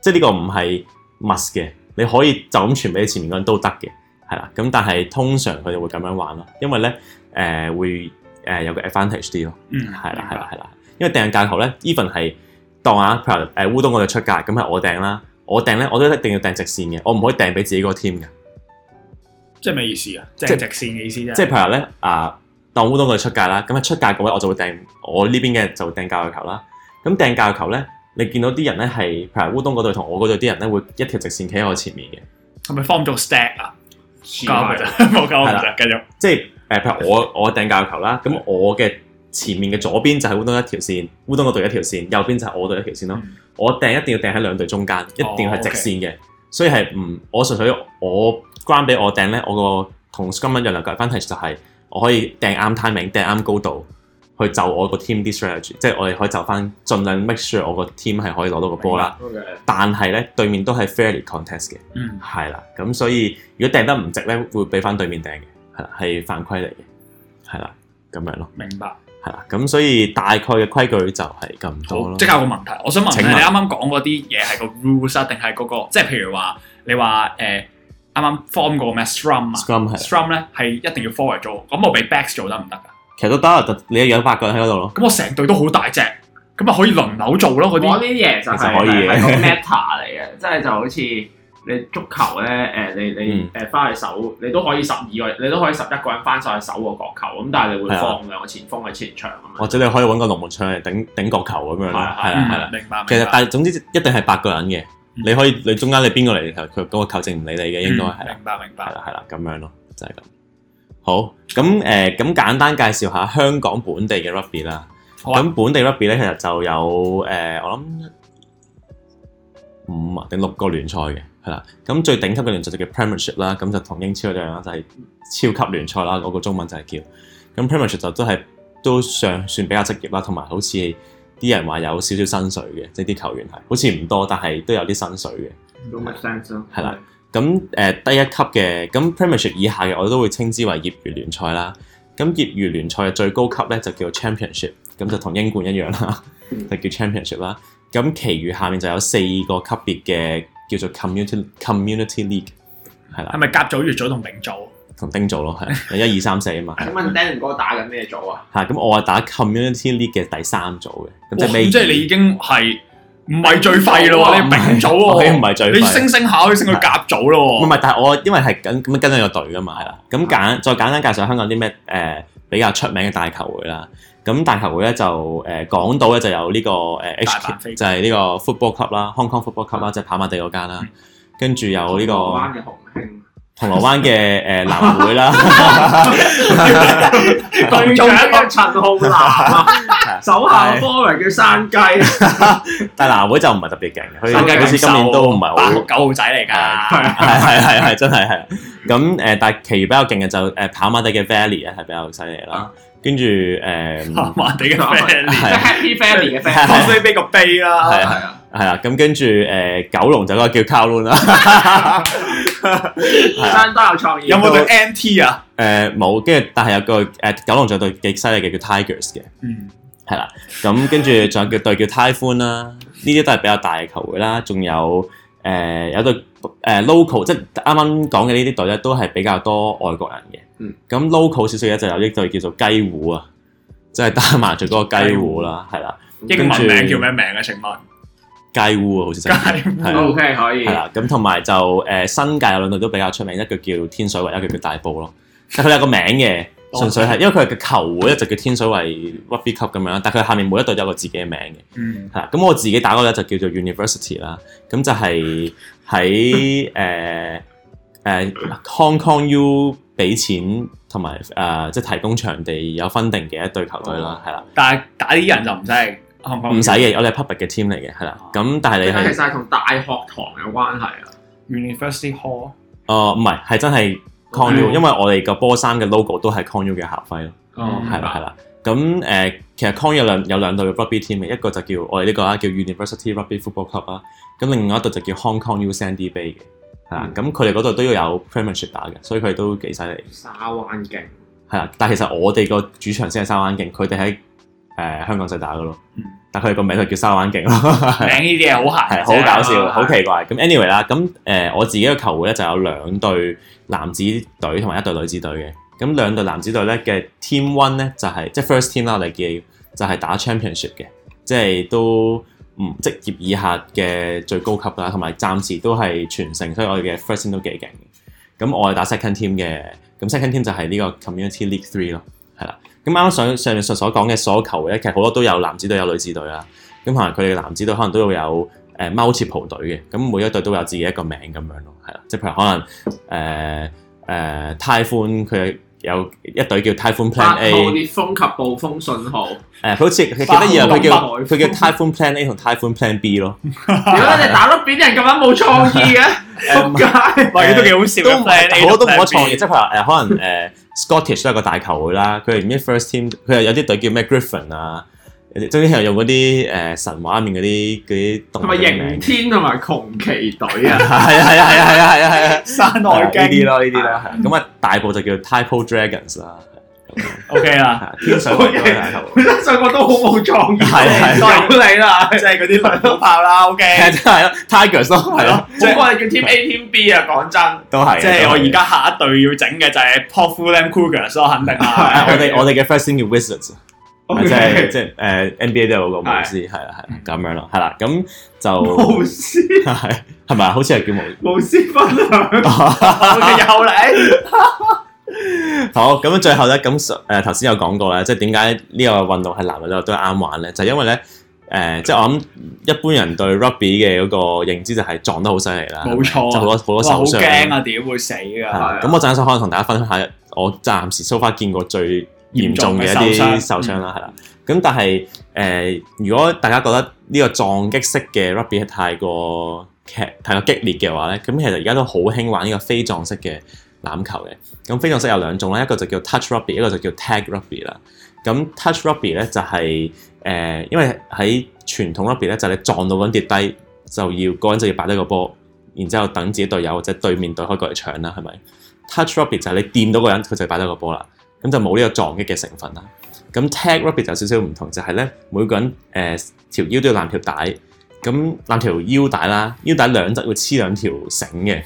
即係呢個唔係 must 嘅。你可以就咁傳俾你前面嗰人都得嘅，係啦。咁但係通常佢哋會咁樣玩咯，因為咧、呃、會、呃、有個 advantage 啲咯，係啦係啦係啦。因為掟架球咧，even 係當啊，譬如誒烏、呃、冬我哋出界，咁係我掟啦，我掟咧我都一定要掟直線嘅，我唔可以掟俾自己個 team 嘅。即係咩意思啊？即係直線嘅意思、啫、即係譬如咧啊，當烏冬我哋出界啦，咁啊出界嗰位我就會掟我呢邊嘅就掟教架球啦。咁掟架球咧。你見到啲人咧係，譬如烏冬嗰隊同我嗰隊啲人咧，會一條直線企喺我前面嘅。係咪放咗 stack 啊？冇搞埋繼續。即係誒，譬如我我掟教育球啦，咁、嗯、我嘅前面嘅左邊就係烏冬一條線，烏冬嗰隊一條線，右邊就係我隊一條線咯。嗯、我掟一定要掟喺兩隊中間，哦、一定要係直線嘅。okay. 所以係唔，我純粹我關俾我掟咧，我的同有兩個同今晚有兩個 advantage 就係、是、我可以掟啱 timing，掟啱高度。去就我個 team strategy，即係我哋可以就翻，盡量 make sure 我個 team 係可以攞到個波啦。Okay. 但係咧，對面都係 fairly contest 嘅，係啦、嗯。咁所以如果掟得唔值咧，會俾翻對面掟嘅，係啦，係犯規嚟嘅，係啦，咁樣咯。明白。係啦，咁所以大概嘅規矩就係咁多咯。即係有個問題，我想問面你啱啱講嗰啲嘢係個 rules 啊，定係嗰個？即係譬如話，你話誒啱啱 form 個咩 strum 啊，strum 咧係一定要 forward 做，咁我俾 backs 做得唔得㗎？其實都得，你一養八個人喺嗰度咯。咁我成隊都好大隻，咁咪可以輪流做咯嗰啲。玩呢啲嘢就係 m a t a 嚟嘅，即係就好似你足球咧，誒，你你誒翻去守，你都可以十二個，你都可以十一個人翻晒去守個角球，咁但係你會放兩個前鋒去前場。或者你可以揾個龍門槍嚟頂頂角球咁樣咯，係啦係啦。明白。其實但係總之一定係八個人嘅，你可以你中間你邊個嚟，佢嗰個球證唔理你嘅，應該係。明白明白。係啦係啦，咁樣咯，就係咁。好，咁誒咁簡單介紹一下香港本地嘅 Rugby 啦。咁、oh. 本地 Rugby 咧，其實就有誒、呃、我諗五啊定六個聯賽嘅係啦。咁最頂級嘅聯賽就叫 Premiership 啦，咁就同英超一樣啦，就係、是、超級聯賽啦。嗰、那個中文就係叫咁 Premiership 就都係都上算比較職業啦，同埋好似啲人話有少少薪水嘅，即係啲球員係好似唔多，但係都有啲薪水嘅。冇啦。咁誒、呃、低一級嘅，咁 premiership 以下嘅，我都會稱之為業餘聯賽啦。咁業餘聯賽嘅最高級咧就叫做 championship，咁就同英冠一樣啦，嗯、就叫 championship 啦。咁其餘下面就有四個級別嘅叫做 community community league，係啦。係咪甲組、乙組同丙組？同丁組咯，係一二三四啊 (laughs) 1, 2, 3，嘛。請問 Daniel 哥打緊咩組啊？嚇、啊，咁我係打 community league 嘅第三組嘅。嗯、哦，即係你已經係。唔係最廢咯喎，哎、呀你丙組喎，是你唔係最，你升升下去升去甲組咯喎。唔係，但係我因為係咁跟咗個隊噶嘛，係啦。咁的再簡單介紹香港啲咩誒比較出名嘅大球會啦。咁大球會咧就誒港島咧就有呢、這個 h、呃、就係呢個 Football Club 啦的，Hong Kong Football Club 啦的，即係跑馬地嗰間啦。跟住、嗯、有呢、這個、嗯銅鑼灣嘅誒南會啦，隊長嘅陳浩南手下嘅 boy 叫山雞，但係南會就唔係特別勁，好似今年都唔係好九仔嚟噶，係係係係真係係，咁誒，但係其餘比較勁嘅就誒跑馬地嘅 Valley 咧係比較犀利啦，跟住誒跑馬地嘅 Valley 即係 Happy Valley 嘅 Valley，所以俾個杯啦，係啊。係啦，咁跟住誒九龍就嗰個叫 Kowloon 啦，山都有創意，有冇對 m t 啊？誒冇、呃，跟住但係有個誒、呃、九龍仲有隊幾犀利嘅叫 Tigers 嘅，嗯，係啦，咁跟住仲有隊叫 Typhoon 啦，呢啲 (laughs) 都係比較大嘅球會啦。仲有誒、呃、有隊誒、呃、local，即係啱啱講嘅呢啲隊咧，都係比較多外國人嘅，咁 local 少少咧就有啲隊叫做雞胡啊，即係打麻雀嗰個雞胡啦，係啦湖。的英文名叫咩名啊？請問？街烏啊，好似係屋的，OK 可以。係啦，咁同埋就誒、呃、新界有兩隊都比較出名，一個叫天水圍，一個叫大埔咯。但係佢有個名嘅， (laughs) 純粹係因為佢係個球會，就叫天水圍 w u f i y Cup 咁樣。但佢下面每一隊都有個自己嘅名嘅。嗯。係啦，咁我自己打過咧就叫做 University 啦，咁就係喺誒誒 Hong Kong U 俾錢同埋誒即係提供場地有分定嘅一隊球隊啦，係啦、嗯。的但係打啲人就唔識。嗯。唔使嘅，我哋係 public 嘅 team 嚟嘅，係啦。咁、啊、但係你係其實係同大學堂有關係啊，University Hall。哦，唔係，係真係 Con U，的因為我哋個波衫嘅 logo 都係 Con U 嘅校徽咯。哦，係啦，係啦。咁誒、呃，其實 Con U 有兩有兩隊 Rugby team 嘅，一個就叫我哋呢、這個啦，叫 University Rugby Football Club 啦、啊。咁另外一隊就叫 Hong Kong U Sandy Bay 嘅。係啊、嗯，咁佢哋嗰度都要有 Premiership 打嘅，所以佢哋都幾犀利。沙灣勁。係啊，但係其實我哋個主場先係沙灣勁，佢哋喺。誒、呃、香港就打嘅咯，但佢個名就叫沙灣徑咯。名呢啲嘢好閒，好是搞笑，好奇怪。咁 anyway 啦，咁、呃、我自己嘅球會咧就有兩隊男子隊同埋一隊女子隊嘅。咁兩隊男子隊咧嘅 team one 咧就係即係 first team 啦，我哋叫就係、是、打 championship 嘅，即、就、係、是、都唔、嗯、職業以下嘅最高級啦，同埋暫時都係全勝，所以我哋嘅 first team 都幾勁。咁我哋打 second team 嘅，咁 second team 就係呢個 community league three 咯，係啦。咁啱上上面上所講嘅所求嘅，其實好多都有男子隊有女子隊啦。咁可能佢哋男子隊可能都會有誒貓切浦隊嘅。咁每一隊都有自己一個名咁樣咯，係啦。即係譬如可能誒誒 Typhoon，佢、呃呃、有一隊叫 Typhoon Plan A。八號烈風及暴風信號。誒、呃，佢好似幾白鴻 得意啊！佢叫佢叫 Typhoon Plan A 同 Typhoon Plan B 咯。如果你哋打到邊啲人咁樣冇創意嘅，仆街？都幾好笑。都唔係好多都冇創意。即係佢話誒，可能誒。呃 Scottish 都係一個大球會啦，佢哋唔知 First Team，佢又有啲隊叫咩 Griffin 啊，總之係用嗰啲神話面嗰啲嗰啲動物同埋逆天同埋窮奇隊啊！係啊係啊係啊係啊係啊！山海經啲咯呢啲咧，係啊，咁啊大部就叫 Typhoon Dragons 啦。O K 啦，天上個都好冇創意，有你啦，即係嗰啲快攻炮啦，O K，真係咯，Tigers 咯，係咯，即係我哋叫 Team A Team B 啊，講真，都係，即係我而家下一隊要整嘅就係 Pokfulam Cougars 咯，肯定啊，我哋我哋嘅 first 先叫 Wizards，即係即係誒 N B A 都有個巫師，係啦係啦咁樣咯，係啦，咁就巫師係係係咪啊？好似係叫巫巫師分享，又嚟。 (laughs) 好，咁最後咧，咁誒頭先有講過咧，即係點解呢個運動係男女都都啱玩咧？就是、因為咧，誒、呃，即係我諗一般人對 rugby 嘅嗰個認知就係撞得好犀利啦，冇錯錯，即好多好多受傷。好驚啊，點對會死噶？咁的的我陣間可能同大家分享下，我暫時 so far 見過最嚴重嘅一啲受傷啦，係啦。咁、嗯、但係誒、呃，如果大家覺得呢個撞擊式嘅 rugby 係太過劇太過激烈嘅話咧，咁其實而家都好興玩呢個非撞式嘅。欖球嘅咁非常式有兩種啦，一個就叫 Touch Rugby，一個就叫 Tag Rugby 啦。咁 Touch Rugby 咧就係、是、誒、呃，因為喺傳統 Rugby 咧，就是、你撞到嗰人跌低，就要個人就要擺低個波，然之後等自己隊友或者對面隊開過嚟搶啦，係咪？Touch Rugby 就係你掂到個人，佢就擺低個波啦，咁就冇呢個撞擊嘅成分啦。咁 Tag Rugby 就有少少唔同，就係、是、咧每個人誒條、呃、腰都要攬條帶。咁攔條腰帶啦，腰帶兩側會黐兩條繩嘅。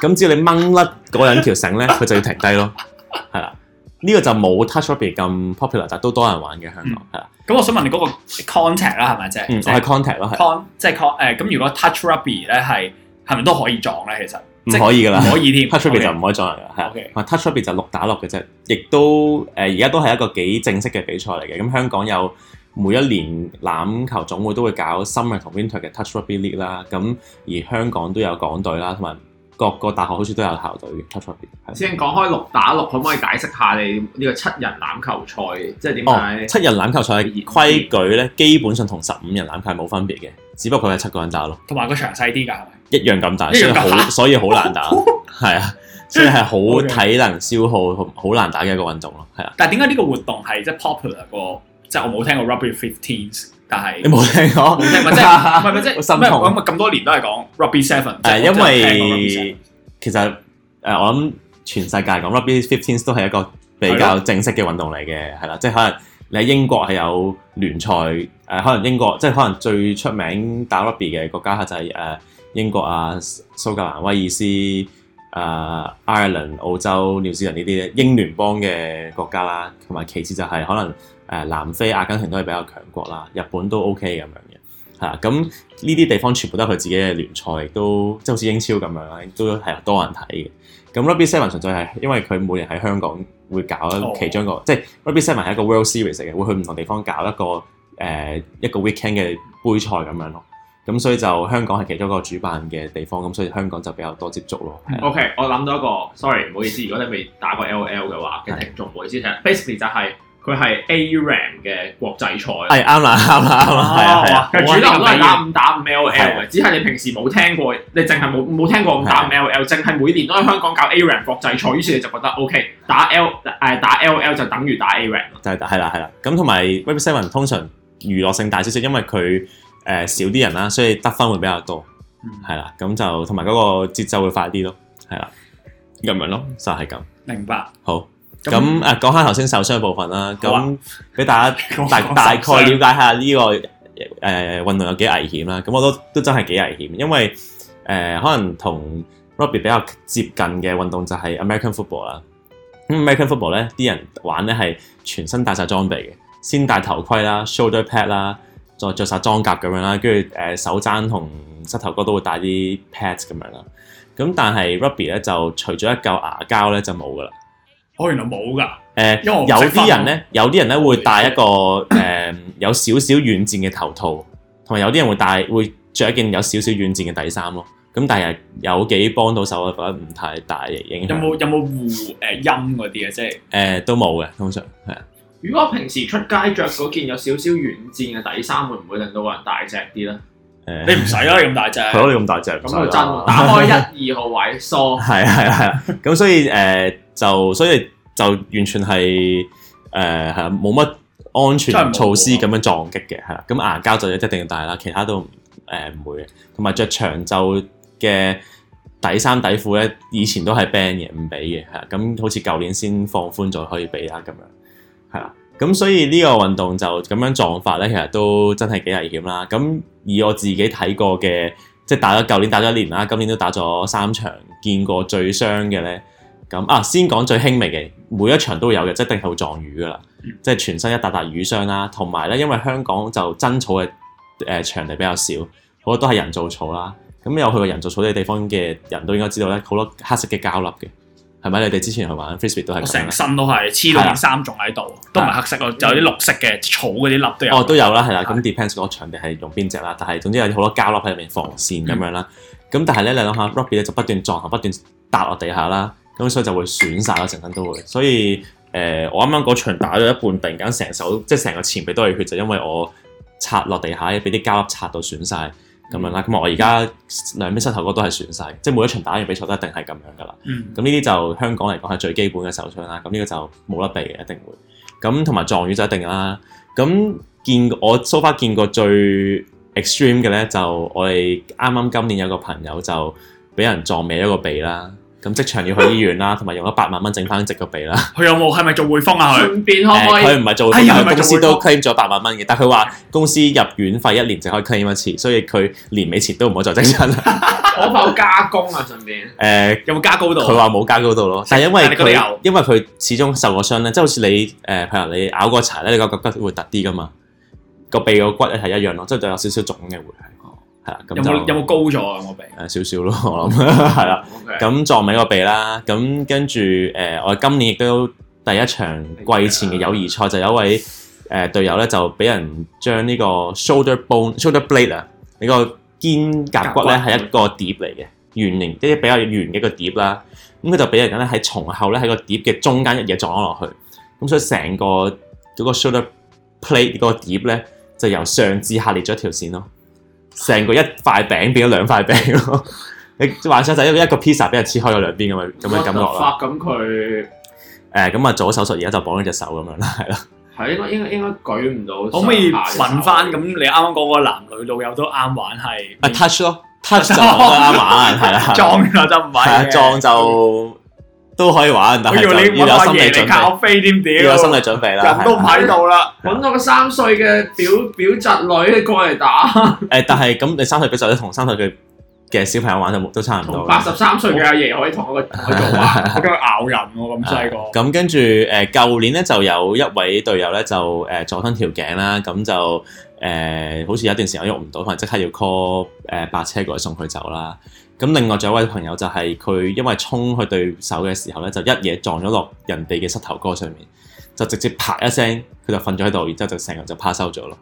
咁 (laughs) 只要你掹甩嗰兩條繩咧，佢就要停低咯。係啦，呢、呢個就冇 touch rugby 咁 popular，但都多人玩嘅香港係啦。咁、嗯、的我想問你嗰個 contact 啦，係咪啫？我係 contact 咯，係 contact，即係咁如果 touch rugby 咧係係咪都可以撞咧？其實唔可以㗎啦，唔的可以添 (laughs) touch rugby 就唔可以撞㗎，係 Okay. touch rugby 就六打六嘅啫，亦都而家、呃、都係一個幾正式嘅比賽嚟嘅。咁香港有。每一年欖球總會都會搞 Summer 同 Winter 嘅 Touch Rugby League 啦，咁而香港都有港隊啦，同埋各個大學好似都有校隊嘅 Touch Rugby。先講開六打六，可唔可以解釋一下你呢個七人欖球賽？即係點解七人欖球賽嘅規矩咧，基本上同十五人欖球係冇分別嘅，只不過佢係七個人打咯。同埋個場細啲㗎，一樣咁大，所以好所以好難打，係 (laughs) 啊，所以係好體能消耗好難打嘅一個運動咯，係啊。但係點解呢個活動係即係 popular 個？即係我冇聽過 Rugby Fifteens，但係你冇聽過冇聽，唔係唔係即係我心痛，我諗咁多年都係講 Rugby Seven。係因為其實誒、呃，我諗全世界講 Rugby Fifteens 都係一個比較正式嘅運動嚟嘅，係啦咯。即係可能你喺英國係有聯賽誒、呃，可能英國即係可能最出名打 Rugby 嘅國家就係、是、誒、呃、英國啊、蘇格蘭、威爾斯啊、呃、Ireland、澳洲、紐西蘭人呢啲英聯邦嘅國家啦，同埋其次就係、是、可能。誒、南非、阿根廷都係比較強國啦，日本都 OK 咁樣嘅，嚇咁呢啲地方全部都係佢自己嘅聯賽，亦都即係好似英超咁樣啦，都係多人睇嘅。咁 Rugby Seven 純粹係因為佢每年喺香港會搞其中一個，即係、oh. Rugby Seven 係一個 World Series 嘅，會去唔同地方搞一個誒、呃、一個 Weekend 嘅杯賽咁樣咯。咁所以就香港係其中一個主辦嘅地方，咁所以香港就比較多接觸咯。OK，我諗到一個，sorry 唔好意思，如果你未打過 L O L 嘅話嘅聽眾，唔好意思聽，basically 就係、是。佢係 Aram 嘅國際賽，係啱啦啱啦，係啊係啊，佢主流都係打五打五 L L 嘅，只係你平時冇聽過，你淨係冇冇聽過五打五 L L，淨係每年都喺香港搞 Aram 國際賽，於是你就覺得 OK，打 L 誒打 L L 就等於打 Aram 咯，就係打係啦係啦。咁同埋 Web Seven 通常娛樂性大少少，因為佢誒少啲人啦，所以得分會比較多，係啦。咁就同埋嗰個節奏會快啲咯，係啦，咁樣咯，就係咁。明白。好。咁誒那講下頭先受傷部分啦，咁俾、啊、大家大大概了解下呢、這個誒、呃、運動有幾危險啦。咁我都都真係幾危險，因為誒、呃、可能同 Rugby 比較接近嘅運動就係 American football 啦。咁、嗯、American football 咧，啲人玩咧係全身戴曬裝備嘅，先戴頭盔啦、shoulder pad 啦，再着曬裝甲咁樣啦，跟住、呃、手踭同膝頭哥都會戴啲 pads 咁樣啦。咁但係 Rugby 咧就除咗一嚿牙膠咧就冇噶啦。我、哦、原來冇噶，誒、呃、有啲人咧，有啲人咧會戴一個誒對、呃、有少少軟墊嘅頭套，同埋有啲人會戴會着一件有少少軟墊嘅底衫咯。咁但係有幾幫到手咧，覺得唔太大影響。有冇有冇護誒陰嗰啲啊？即係誒都冇嘅，通常係啊。如果我平時出街着嗰件有少少軟墊嘅底衫，會唔會令到個人大隻啲咧？你唔使啦，你咁大隻。係咯， (laughs) 你咁大隻唔使啦。咁就真，打開一二 (laughs) 號位，梳。係啊係啊係啊！咁所以誒、呃，就所以就完全係誒係冇乜安全措施咁樣撞擊嘅，係啦、啊。咁牙膠就一定要戴啦，其他都誒唔、呃、會嘅。同埋着長袖嘅底衫底褲咧，以前都係 ban 嘅，唔俾嘅，係啦。咁好似舊年先放寬咗可以俾啦，咁樣係啦。咁所以呢個運動就咁樣撞法呢，其實都真係幾危險啦。咁以我自己睇過嘅，即係打咗舊年打咗一年啦，今年都打咗三場，見過最傷嘅呢。咁啊，先講最輕微嘅，每一場都有嘅，即係一定係會撞瘀㗎啦，即係全身一笪笪瘀傷啦。同埋呢，因為香港就真草嘅誒、呃、場地比較少，好多都係人造草啦。咁有去過人造草嘅地方嘅人都應該知道呢，好多黑色嘅膠粒嘅。係咪，你哋之前去玩 Frisbee 都係成身都係黐到件衫仲喺度？啊、都唔係黑色就、啊、有啲綠色嘅、嗯、草嗰啲粒都有。哦，都有啦，係啦、啊。咁、啊、depends 嗰場地係用邊隻啦？但係總之有好多膠粒喺入面防線咁樣啦。咁、嗯、但係咧，你諗下 Rugby 咧就不斷撞下，不斷撻落地下啦。咁所以就會損晒、啊、啦，成身都會。所以、呃、我啱啱嗰場打咗一半，突然間成手即係成個前臂都係血，就因為我擦落地下，俾啲膠粒擦到損晒。咁樣啦，咁我而家兩邊膝頭哥都係損曬，即係每一場打完比賽都一定係咁樣㗎啦。咁呢啲就香港嚟講係最基本嘅受傷啦。咁呢個就冇得避嘅，一定會。咁同埋撞瘀就一定啦。咁我 so far 見過最 extreme 嘅呢，就我哋啱啱今年有個朋友就俾人撞歪咗個鼻啦。咁即場要去醫院啦，同埋 (laughs) 用咗八萬蚊整翻直個鼻啦。佢有冇係咪做匯豐啊佢？順便可唔可以？佢唔係做匯豐，哎、呦佢公司係咪做都 claim 咗八萬蚊嘅。但係佢話公司入院費一年只可以 claim 一次，所以佢年尾前都唔好再整親。可否 (laughs) 加工啊？順便誒有冇加高度？佢話冇加高度咯，但係因為佢因為佢始終受過傷咧，即、就、係、是、好似你誒譬、呃、如你咬過柴咧，你個腳骨會突啲噶嘛，個鼻個骨咧係一樣咯，即、就、係、是、有少少腫嘅會。嗯、有冇有冇高咗啊？我鼻誒少少咯，我諗係啦。咁撞喺個鼻啦。咁跟住誒，我今年亦都第一場季前嘅友誼賽，嗯嗯、就有一位誒、呃、隊友咧，就俾人將呢個 shoulder bone、shoulder blade 啊，呢個肩胛骨咧係甲骨 一個碟嚟嘅，圓形一啲、即係、比較圓嘅一個碟啦。咁佢就俾人咧喺從後咧喺個碟嘅中間一嘢撞落去，咁所以成個嗰個 shoulder plate 嗰個碟咧就由上至下裂咗一條線咯。成個一塊餅變咗兩塊餅咯， (laughs) 你幻想就一個一個 pizza 俾人切開咗兩邊咁樣咁嘅感覺啦。咁佢誒咁啊，做咗手術，而家就綁咗隻手咁樣啦，係咯。係應該應該舉唔到。可唔可以問翻。咁吧你啱啱講個個男女老幼都啱玩係啊是誰 touch 咯了，touch 就啱玩係啦。撞就唔係。係啊，撞就，啊撞就。都可以玩，但係要有心理準備。要有心理準備啦，人都唔喺度啦，揾個三歲嘅表表侄女過嚟打 (laughs) 。誒，但係咁你三歲表侄女同三歲嘅嘅小朋友玩就都差唔多。八十三歲嘅阿爺可以同我一個喺度玩，佢仲咬人喎咁細個。咁跟住誒，舊年咧就有一位隊友咧就誒撞親條頸啦，咁就誒、呃、好似有一段時間喐唔到，可能即刻要 call 誒、呃、白車過去送佢走啦。咁另外仲有一位朋友就係佢因為衝去對手嘅時候咧，就一嘢撞咗落人哋嘅膝頭哥上面，就直接啪一聲，佢就瞓咗喺度，然之後就成個就 pass out 咗咯。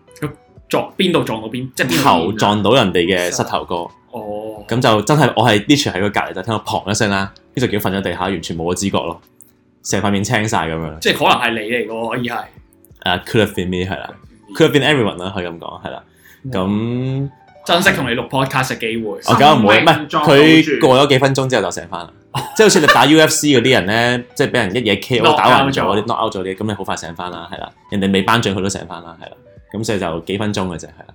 撞邊度撞到邊？即係頭撞到人哋嘅膝頭哥。哦。咁就真係我係呢處喺佢隔離就聽到砰一聲啦，跟住叫瞓咗地下，完全冇咗知覺咯，成塊面青晒咁樣。即係可能係你嚟㗎，可以係。誒、uh，could have been me 係啦，could have been everyone 啦，可以咁講係啦，咁。嗯珍惜同你錄 podcast 嘅機會。我梗係唔會，唔係佢過咗幾分鐘之後就醒翻啦。啊、即係好似你打 UFC 嗰啲人咧， (laughs) 即係俾人一嘢 KO Not 打暈咗啲 knock out 咗啲，咁你好快醒翻啦，係啦。人哋未頒獎佢都醒翻啦，係啦。咁所以就幾分鐘嘅啫，係啦。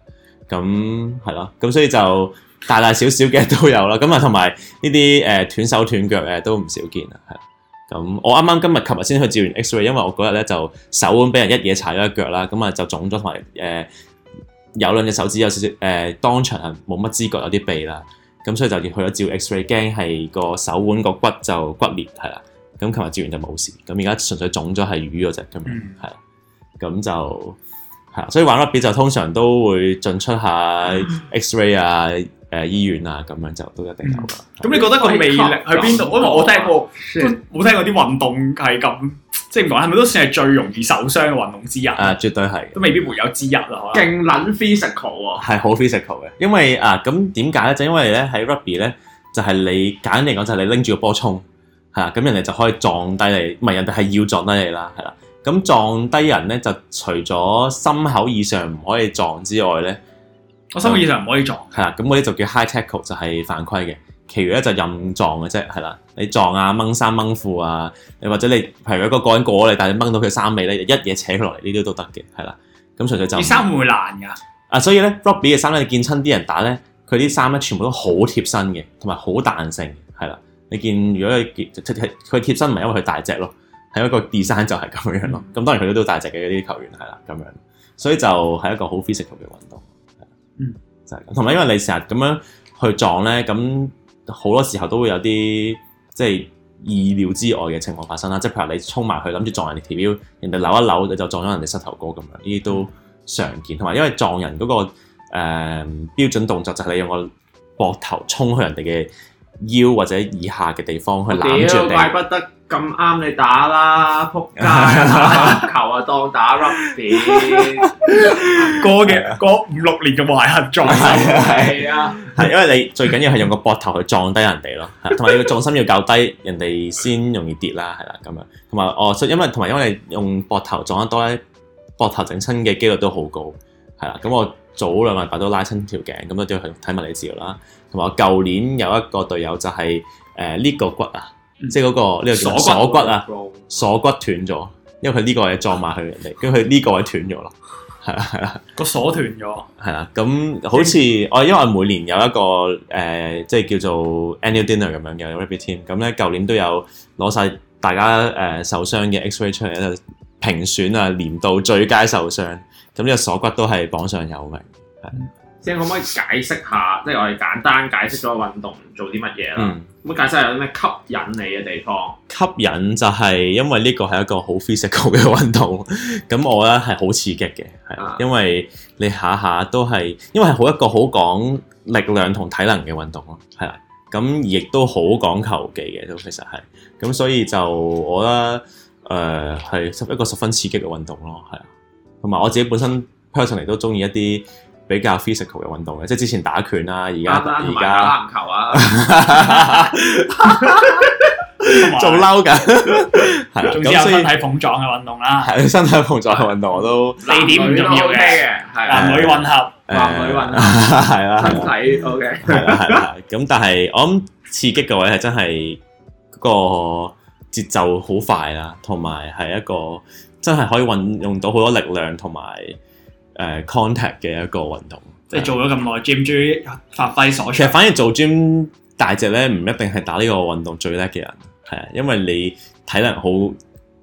咁係咯，咁所以就大大小小嘅都有啦。咁啊，同埋呢啲誒斷手斷腳嘅都唔少見啊。係啦。咁我啱啱今日、琴日先去照完 X ray，因為我嗰日咧就手腕俾人一嘢踩咗一腳啦，咁啊就腫咗同埋誒。有兩隻手指有少少誒，當場係冇乜知覺有點，有啲痹啦，咁所以就要去咗照 X-ray，驚係個手腕個骨就骨裂係啦，咁琴日照完就冇事，咁而家純粹腫咗係瘀嗰隻咁樣，係啦，咁、嗯、就係啦，所以玩 Rugby 就通常都會進出一下 X-ray 啊，誒、 (laughs) 呃、醫院啊咁樣就都一定有噶。咁、嗯、的你覺得個魅力喺邊度？因為我聽過冇 (laughs) 聽過啲運動係咁。即係唔講，係咪都算係最容易受傷嘅運動之一？誒、啊，絕對係，都未必會有之一啦。勁撚 physical 喎，係好 physical 嘅。因為誒咁點解咧？就因為咧喺 rugby 咧，就係、是、你簡單嚟講，就係你拎住個波衝，係啦，咁人哋就可以撞低你。唔係人哋係要撞低你啦，係啦。咁撞低人咧，就除咗心口以上唔可以撞之外咧，我心口以上唔可以撞。係啦，咁嗰啲就叫 high tackle，就係犯規嘅。其餘咧就是、任撞嘅啫，係啦，你撞啊掹衫掹褲啊，你或者你譬如一個個人過咗你，你，但係掹到佢衫尾咧，一嘢扯佢落嚟，呢啲都得嘅，係、嗯、啦。咁純粹就衫會唔會爛㗎？啊，所以咧 rugby 嘅衫咧，你見親啲人打咧，佢啲衫咧全部都好貼身嘅，同埋好彈性嘅，係啦。你見如果你佢貼身唔係因為佢大隻咯，係因為個 design 就係咁樣咯。咁、嗯、當然佢都大隻嘅嗰啲球員係啦，咁樣，所以就係一個好 physical 嘅運動，嗯，就係咁。同埋因為你成日咁樣去撞咧，咁。好多時候都會有啲即係意料之外嘅情況發生啦，即係譬如你衝埋去諗住撞人哋條腰，人哋扭一扭你就撞咗人哋膝頭哥咁樣，呢啲都常見。同埋因為撞人嗰、那個誒、呃、標準動作就係你用個膊頭衝去人哋嘅腰或者以下嘅地方去攬住人哋。咁啱你打啦，撲街、啊、球啊當打 rugby， (laughs) 過嘅過五六年就冇鞋合心，係 (laughs) 啊，係因為你最緊要係用個膊頭去撞低人哋咯，同埋你個重心要較低，人哋先容易跌啦，係啦咁樣，同埋我，因為同埋因為你用膊頭撞得多咧，膊頭整親嘅機率都好高，係啦，咁我早兩個禮拜都拉親條頸，咁都要去睇物理治療啦，同埋我舊年有一個隊友就係誒呢個骨啊。即係嗰個呢個叫鎖骨啊，鎖骨了，鎖骨斷咗，因為佢呢個係撞埋去人哋，跟住佢呢個位斷咗咯。係啊係啊，個鎖斷咗，係啊，咁好似我、嗯、因為我每年有一個誒即係叫做 annual dinner 咁樣嘅 rugby team，咁咧舊年都有攞晒大家誒受傷嘅 X-ray 出嚟喺度評選啊年度最佳受傷，咁呢個鎖骨都係榜上有名，係。即係可唔可以解釋下，即係我哋簡單解釋咗運動做啲乜嘢啦？咁解釋有咩吸引你嘅地方？吸引就係因為呢個係一個好 physical 嘅運動，咁我咧係好刺激嘅，係啊，因為你下下都係，因為係好一個好講力量同體能嘅運動咯，係啦，咁亦都好講求技嘅都其實係，咁所以就我覺得誒係一個十分刺激嘅運動咯，係啊，同埋我自己本身 personally 都中意一啲。比較 physical 嘅運動嘅，即係之前打拳啦，而家而家籃球啊，做嬲㗎，係，仲有身體碰撞嘅運動啦。係身體碰撞嘅運動我都四點唔重要嘅，男女混合男女混合係啦，身體 OK 係啦係啦。咁但係我諗刺激嘅位係真係個節奏好快啦，同埋係一個真係可以運用到好多力量同埋。誒 contact 嘅一個運動，即係做咗咁耐 gym，終於發揮所長。其實反而做 gym 大隻咧，唔一定係打呢個運動最叻嘅人，係啊，因為你體能好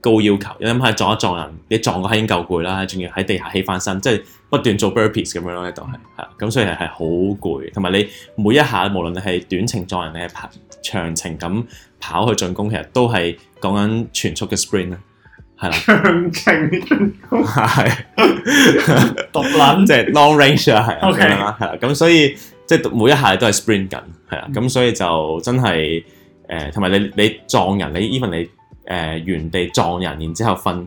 高要求，想想你諗下撞一撞人，你撞個閪已經夠攰啦，仲要喺地下起翻身，即係不斷做 burpees 咁樣咯，喺度係，係啊，咁所以係好攰，同埋你每一下無論你係短程撞人，你係跑長程咁跑去進攻，其實都係講緊全速嘅 sprint 啦。長程進攻係的，獨撚即係 long range 啊，係咁樣啦，係啦，咁所以即係、就是、每一下都係 spring 緊，係啦，咁、嗯、所以就真係誒，同、呃、埋你你撞人，你 even 你誒、呃、原地撞人，然之後瞓，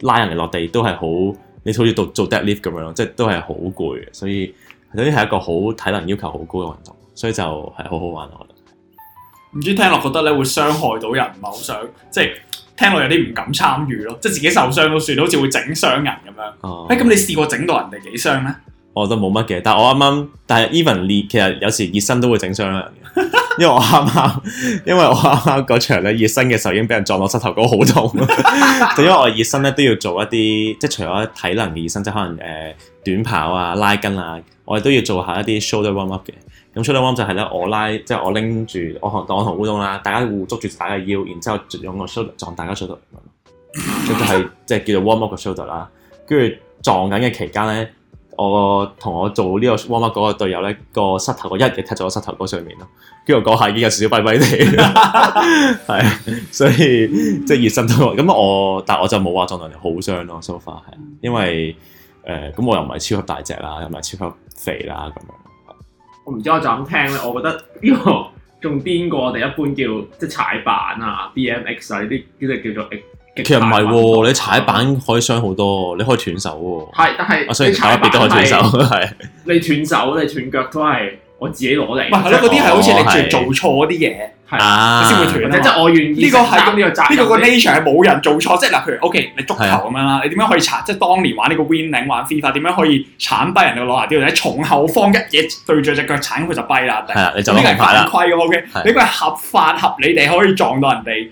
拉人嚟落地都係好，你好似做做 dead lift 咁樣咯，即、就、係、是、都係好攰嘅，所以總之係一個好體能要求好高嘅運動，所以就係好好玩咯。我覺得唔知聽落覺得咧會傷害到人，唔係好想即係聽落有啲唔敢參與咯，即係自己受傷都算，好似會整傷人咁樣。誒、oh.，咁你試過整到人哋幾傷咧？我覺得冇乜嘅，但係我啱啱，但係 Evenly 其實有時熱身都會整傷人嘅， (laughs) 因為我啱啱，因為我啱啱嗰場咧熱身嘅時候已經俾人撞落膝頭哥好痛， (laughs) (laughs) 就因為我熱身咧都要做一啲即係除咗體能嘅熱身，即係可能誒、呃、短跑啊、拉筋啊，我哋都要做下一啲 shoulder warm up 嘅。咁出嚟 warm 就係咧、就是，我拉即係我拎住我同我同烏冬啦，大家互捉住大家嘅腰，然之後用個 shoulder 撞大家 shoulder 咁樣咯， (laughs) 就係即係叫做 warm up 嘅 shoulder 啦。跟住撞緊嘅期間咧，我同我做呢個 warm up 嗰個隊友咧，個膝頭哥一嘢踢咗膝頭哥上面咯。跟住個鞋已經有少少跛跛地，係 (laughs) (laughs) (laughs) 所以即係、就是、熱身都咁。我但係我就冇話撞到你好傷咯、啊、，so far 係因為誒咁、呃、我又唔係超級大隻啦，又唔係超級肥啦咁樣。唔知我就咁聽咧，我覺得呢個仲癲過我哋一般叫即係踩板啊、B M X 啊呢啲，呢啲叫做其實唔係喎，樣你踩板可以傷好多，你可以斷手喎、啊。但係我所以踩一跌都可以斷手，係你斷手、你斷腳都係我自己攞嚟。嗰啲係好似你做做錯啲嘢。係啊，先會賠啦。即係我願意呢個係咁呢個責。呢個個 nature 係冇人做錯。即係嗱，譬如 OK，你足球咁樣啦，你點樣可以鏟？即係當年玩呢個 winning 玩 FIFA，點樣可以鏟低人哋攞下啲吊？喺從後方一嘢對住隻腳鏟佢就跛啦。係啊，你就犯規啦。係啊。呢個係合法合理地可以撞到人哋，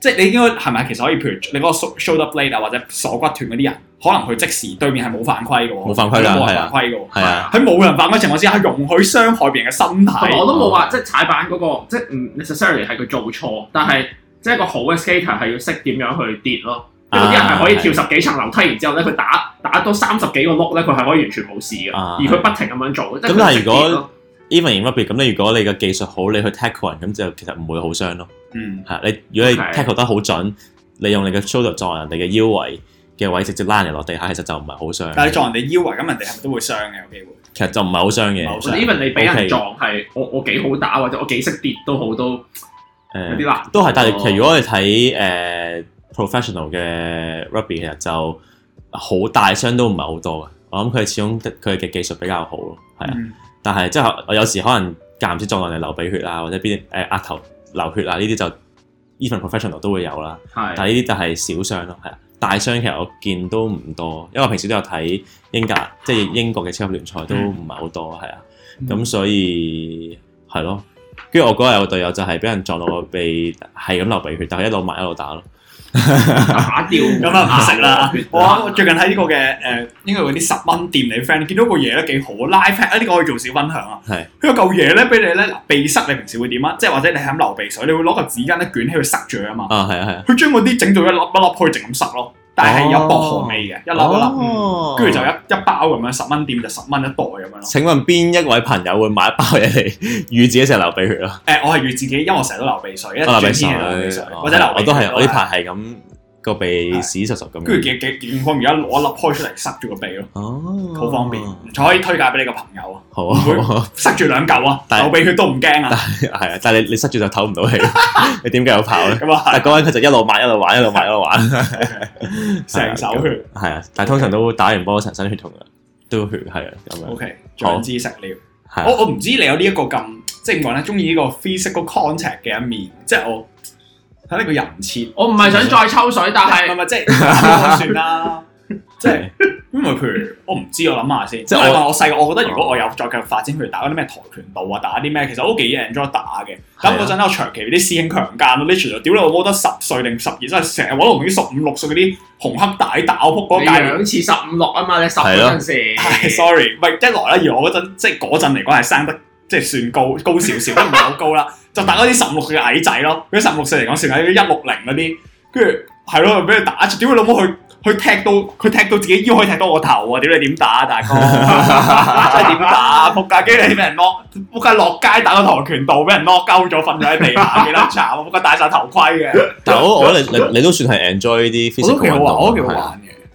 即係你應該係咪其實可以？譬如你嗰個 show shoulder blade 啊，或者鎖骨斷嗰啲人。可能佢即時對面係冇犯規嘅喎，冇犯規啦，係啊，冇犯規嘅喎，係啊，喺冇人犯規情況之下，容許傷害別人嘅身體。我都冇話即係踩板嗰個，即係唔 necessarily 係佢做錯，但係即係一個好嘅 skater 係要識點樣去跌咯。即啲人係可以跳十幾層樓梯，然之後咧佢打打多三十幾個碌咧，佢係可以完全冇事嘅。而佢不停咁樣做。咁但係如果 even rugby 咁，你如果你嘅技術好，你去 tackle 人咁就其實唔會好傷咯。嗯，係你如果你 tackle 得好準，你用你嘅 shoulder 嚟撞人哋嘅腰圍。嘅位，直接拉人落地下，其實就唔係好傷。但係撞人哋腰圍，咁人哋係咪都會傷嘅？有機會？其實就唔係好傷嘅。唔好傷。Even 你俾人撞係 Okay.，我我幾好打或者我幾識跌都好多。誒、嗯，啲都係，但係其實如果你睇誒、呃、professional 嘅 rugby，其實就好大傷都唔係好多嘅。我諗佢始終佢嘅技術比較好咯，係啊。嗯、但係即係我有時候可能間唔時撞落嚟流鼻血啊，或者邊誒、呃、額頭流血啊呢啲就 even professional 都會有啦。的但係呢啲就係小傷咯，係啊。大傷其實我見都唔多，因為我平時都有睇英格，即係英國嘅超級聯賽都唔係好多，係啊、嗯，咁所以係咯。跟住我嗰日我隊友就係俾人撞到個鼻，係咁流鼻血，但係一路埋一路打咯。 (laughs) 打掉咁啊唔食啦！ (laughs) 我最近睇呢個嘅誒、呃，應該嗰啲十蚊店你 friend，見到一個嘢咧幾好，live pack、啊、呢、呢個可以做小分享啊！係是，佢有嚿嘢咧俾你咧，鼻塞你平時會點啊？即係或者你係咁流鼻水，你會攞個紙巾咧捲起佢塞住啊嘛！啊係啊係，佢將嗰啲整咗一粒一粒開直咁塞咯。但係有薄荷味嘅，一粒粒，跟住就一一包咁樣，十蚊店就十蚊一袋咁樣咯。請問邊一位朋友會買一包嘢嚟預自己成日流鼻血咯？誒、呃，我係預自己，因為我成日都流鼻水，一流鼻水，或者流鼻水我都係，我呢排係咁。個鼻屎實實咁，跟住健健健康而家攞一粒開出嚟塞住個鼻咯，好方便，就可以推介俾你個朋友啊。好塞住兩嚿啊，但我鼻佢都唔驚啊。但係係啊，但係你你塞住就唞唔到氣，你點繼續跑咧？咁啊，但嗰陣佢就一路抹一路玩，一路抹一路玩，成手血。係啊，但係通常都打完波成身血痛噶，都血係啊咁樣。O K. 長知識了。我我唔知你有呢一個咁即係點講咧？中意呢個 physical contact 嘅一面，即係我。睇下佢人設，我唔係想再抽水，但係唔咪，即係是、就是、算啦，即係、 (laughs) 就是、因為譬如我唔知，我諗下先。即係我話我細個，我覺得如果我有再繼續發展，譬、啊、如打嗰啲咩跆拳道啊，打啲咩，其實都幾 enjoy 打嘅。啊、但嗰陣咧，我長期啲師兄強奸，咯 literally 屌你，我覺得十歲定十二歲，成日揾我同啲十五六歲嗰啲紅黑帶打我撲嗰界。兩次十五六啊嘛，你十五嗰陣時、啊、 (laughs) ，sorry，唔一來咧，而我嗰陣即係嗰陣嚟講係生得。即係算高高少少都唔係好高啦，就打嗰啲十六歲嘅矮仔咯。嗰啲十六歲嚟講算係一六零嗰啲，跟住係咯，俾佢打。住。屌佢老母佢佢踢到佢踢到自己腰可以踢到我頭啊？屌你點打啊，大哥？點 (laughs) (laughs) 打？仆街！ (laughs) 跟你俾人攞，仆街落街打個跆拳道俾人攞鳩咗，瞓咗喺地下。幾得慘啊！仆街戴晒頭盔嘅。 (laughs) 但係我我覺得你你，你都算係 enjoy 啲 physical 運動，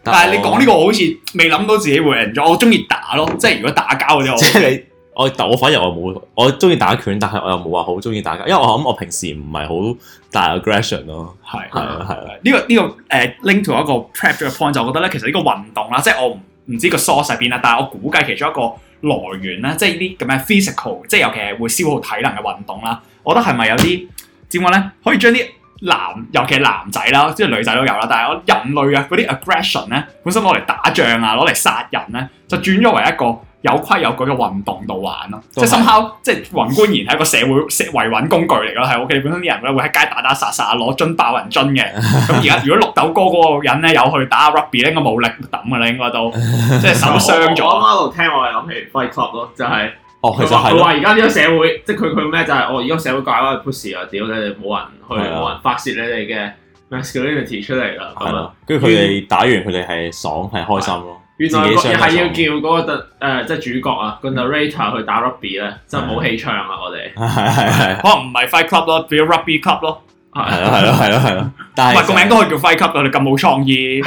但係你講呢個好似未諗到自己會 enjoy，我中意打咯，即係如果打交嗰啲我。即係你。我但我反而我冇，我中意打拳，但係我又冇話好中意打架，因為我諗我平時唔係好大 aggression 咯的，係係啊係啊，呢個呢個誒 link 到一個 preparation 嘅 point 就我覺得咧，其實呢個運動啦，即係我唔唔知個 source 喺邊啦，但係我估計其中一個來源啦，即係呢啲咁嘅 physical，即係尤其係會消耗體能嘅運動啦，我覺得係咪有啲點講咧？可以將啲男尤其係男仔啦，即係女仔都有啦，但係我人類啊嗰啲 aggression 咧，本身攞嚟打仗啊，攞嚟殺人咧，就轉咗為一個有規有矩嘅運動度玩咯，即係參考，即係雲觀然係一個社會維穩工具嚟咯，係，我見本身啲人咧會喺街打打殺殺，攞樽爆人樽嘅。咁而家如果綠豆哥嗰個人咧有去打 rugby 咧，應該冇力揼噶啦，應該都即係手傷咗。 (laughs) 剛剛我啱啱度聽，我係諗起 Fight Club 咯，就是，哦、就係佢話佢話而家呢個社會，即係佢佢咩就係我而家社會界咧 push 啊，屌你哋冇人去冇的人發泄你哋嘅 masculinity 出嚟啦，係咯樣，跟住佢哋打完佢哋係爽係開心咯。原來係要叫嗰個誒即係主角啊個 narrator 去打 rugby 咧，真係冇戲唱啊。我哋係係係，可能唔係 fight club 咯，變咗 rugby club 咯，係咯係咯係咯係咯，但係個名都可以叫 fight club，你咁冇創意，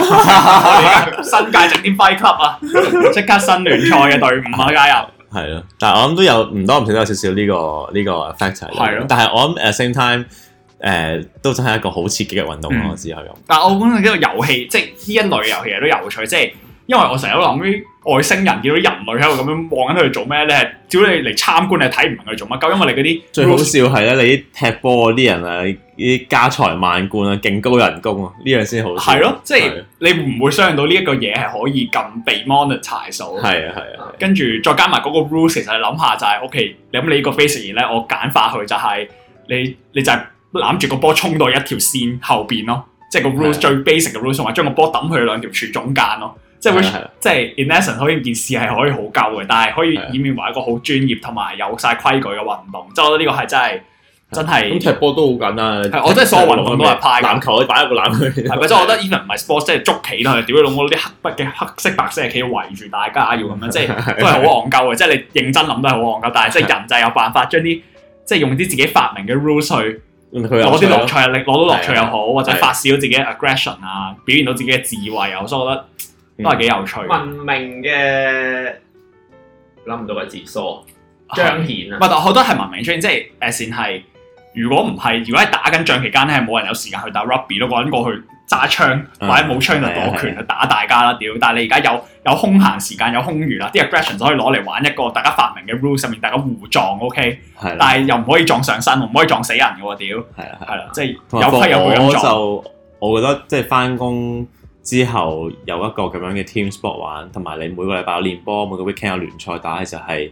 新界整啲 fight club 啊，即刻新聯賽嘅隊伍啊，加油！係咯，但係我諗都有唔多唔少有少少呢個呢個 factor，係咯，但係我諗誒 same time 誒都真係一個好刺激嘅運動咯，之後咁，但係我覺得呢個遊戲即係呢一類遊戲都有趣，即係。因為我成日都諗啲外星人見到人類喺度咁樣望緊佢哋做咩咧？只要你嚟參觀，你睇唔明佢做乜鳩。因為你嗰啲最好笑係咧，你啲踢波嗰啲人啊，你啲家財萬貫啊，勁高人工啊，呢樣先好。係咯，即係你唔會相信到呢一個嘢係可以咁被 monitored 係啊，係啊，跟住再加埋嗰個 rules，其實你諗下就係 OK。咁你呢個 basic 咧，我簡化佢就係你你就係攬住個波衝到一條線後邊咯，即係個 rules 最 basic 嘅 rules，同埋將個波抌去兩條柱中間咯。即係即係 innovation 可以件事係可以好夠嘅，但係可以演變為一個好專業同埋有晒規矩嘅運動。即係我覺得呢個係真係真係。踢波都好簡單，我真係所有運動都係派。籃球你擺一個籃去，係咪？即係我覺得 even 唔係 sports，即係捉棋啦，點樣攞到啲黑筆嘅黑色白色嘅棋圍住大家要咁樣，即係都係好戇鳩嘅。即係你認真諗都係好戇鳩，但係即係人就係有辦法將啲即係用啲自己發明嘅 rule 去攞啲樂趣，攞到樂趣又好，或者發泄到自己嘅 aggression 啊，表現到自己嘅智慧啊。所以我覺得。都係幾有趣。文明嘅諗唔到個字，疏彰顯啊！唔係，但係好多係文明出現，即係誒，先、呃、係。如果唔係，如果喺打緊仗期間咧，係冇人有時間去打 Rugby 咯，趕過去揸槍或者冇槍就攞拳去打大家啦屌！是的，是的，但係你而家有有空閒時間，有空餘啦，啲 aggression 就可以攞嚟玩一個大家發明嘅 rules 上面，大家互撞 OK。係啦但係又唔可以撞上身，唔可以撞死人嘅喎屌！係啦，係啦，即係有規有矩咁撞就。就我覺得即係翻工。之後有一個咁樣嘅 team sport 玩，同埋你每個禮拜有練波，每個 weekend 有聯賽打，其實係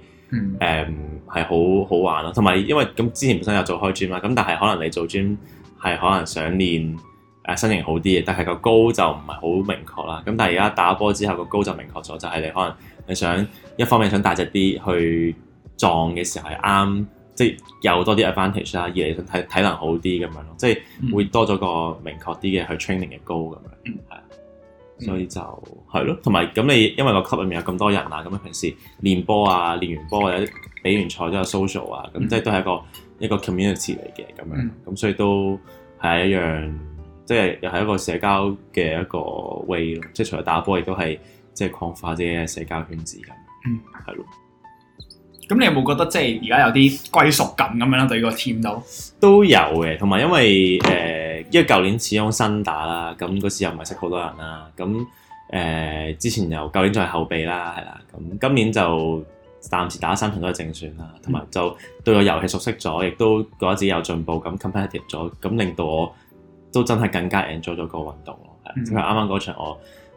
誒係好好玩咯。同埋因為咁之前本身有做開 Gym 啦，咁但係可能你做 Gym 係可能想練誒身形好啲嘅，但係個高就唔係好明確啦。咁但係而家打波之後、那個高就明確咗，就係、是、你可能你想一方面想大隻啲去撞嘅時候係啱，即、就、係、是、有多啲 advantage 啦。二嚟想體能好啲咁樣咯，即、就、係、是、會多咗個明確啲嘅去 training 嘅高咁樣。嗯嗯。Mm hmm. 所以就係咯，同埋咁你因為個級入面有咁多人啊，咁啊平時練波啊，練完波或者比完賽之後 social 啊，咁即係都係一個、mm hmm. 一個 community 嚟嘅咁樣，咁所以都係一樣，即係又係一個社交嘅一個 way 咯，即係除咗打波，亦都係即係擴化自己嘅社交圈子咁，係咯、mm。Hmm. 咁你有冇覺得即係而家有啲歸屬感咁樣對個 team 都都有嘅，同埋因為誒、呃，因為舊年始終新打啦，咁嗰時又唔係識好多人啦，咁、呃、之前又舊年仲係後備啦，係啦，咁今年就暫時打三場都係正選啦，同埋就對個遊戲熟悉咗，亦、嗯、都覺得自己有進步，咁 competitive 咗，咁令到我都真係更加 enjoy 咗個運動咯。即係啱啱嗰場我誒、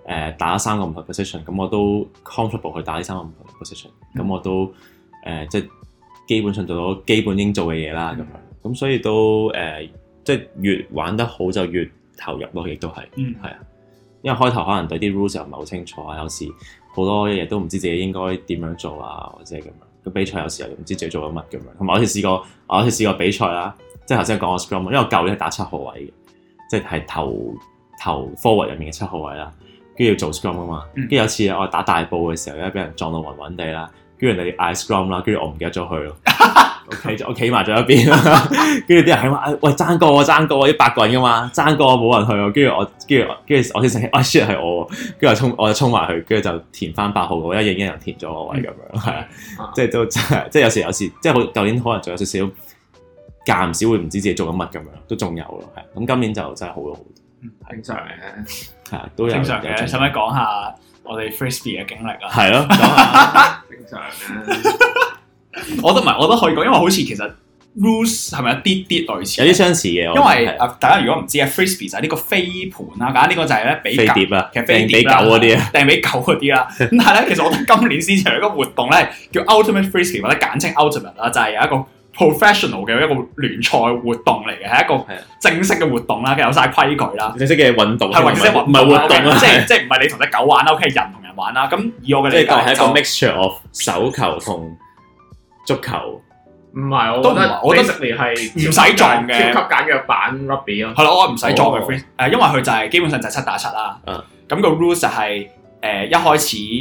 呃、打三個唔同 position，咁我都 comfortable 去打呢三個唔同 position，咁我都。嗯誒、呃、即係基本上做到基本應做嘅嘢啦，咁樣咁所以都誒、呃、即係越玩得好就越投入咯，亦都係，係啊、嗯，因為開頭可能對啲 rules 又唔係好清楚，有時好多嘢都唔知自己應該點樣做啊，或者咁樣。咁比賽有時又唔知自己做咗乜咁樣。同埋我似試過，我好似試過比賽啦，即係頭先講我 scrum，因為我舊年係打七號位嘅，即係係頭頭 forward 入面嘅七號位啦，跟住要做 scrum 啊嘛，跟住、嗯、有次我打大埔嘅時候咧，俾人撞到暈暈地啦。跟住人哋 ice scrum 啦，跟住我唔記得咗去咯。 (laughs) 我企我企埋咗一邊。跟住啲人喺話，喂，爭過喎，爭過喎，依八個人噶嘛，爭過我我我我我、oh shit, 我我，我冇人去跟住我，我，跟住跟住我先醒起，I should 係我。跟住我衝，我衝埋去，跟住就填翻八號嗰一應應人填咗個位咁樣，係啊，即係都即係有時有時，即係好舊年可能仲有少少間唔少會唔知自己做緊乜咁樣，都仲有咯。係咁，今年就真係好咗好多。正、嗯、常嘅、啊，嚇都正常嘅、啊。使使講下？我哋 frisbee 嘅經歷啊，係咯，正常嘅 (laughs) 我都唔係，我都去過，因為好似其實 rules 係咪有啲啲類似，有啲相似嘅。因為啊，大家如果唔知啊，frisbee 就係呢個飛盤啦、啊，咁啊呢個就係咧，比飛碟啊，其實飛碟掟俾狗嗰啲啊，掟俾狗嗰啲啦。咁、啊、 (laughs) 但係咧，其實我覺得今年先至一個活動咧，叫 ultimate frisbee 或者簡稱 ultimate 啦、啊，就係、是、有一個。professional 嘅一個聯賽活動嚟嘅，係一個正式嘅活動啦，有晒規矩啦。正式嘅運動係，唔係活動，即係即係唔係你同隻狗玩啦，OK，人同人玩啦。咁以我嘅理解係一個 mixture of 手球同足球。唔係，我都覺得，我覺得連係唔使撞嘅超級簡約版 Rugby 咯。係咯，我唔使撞嘅因為佢就係基本上就係七打七啦。咁個 rules 就係誒一開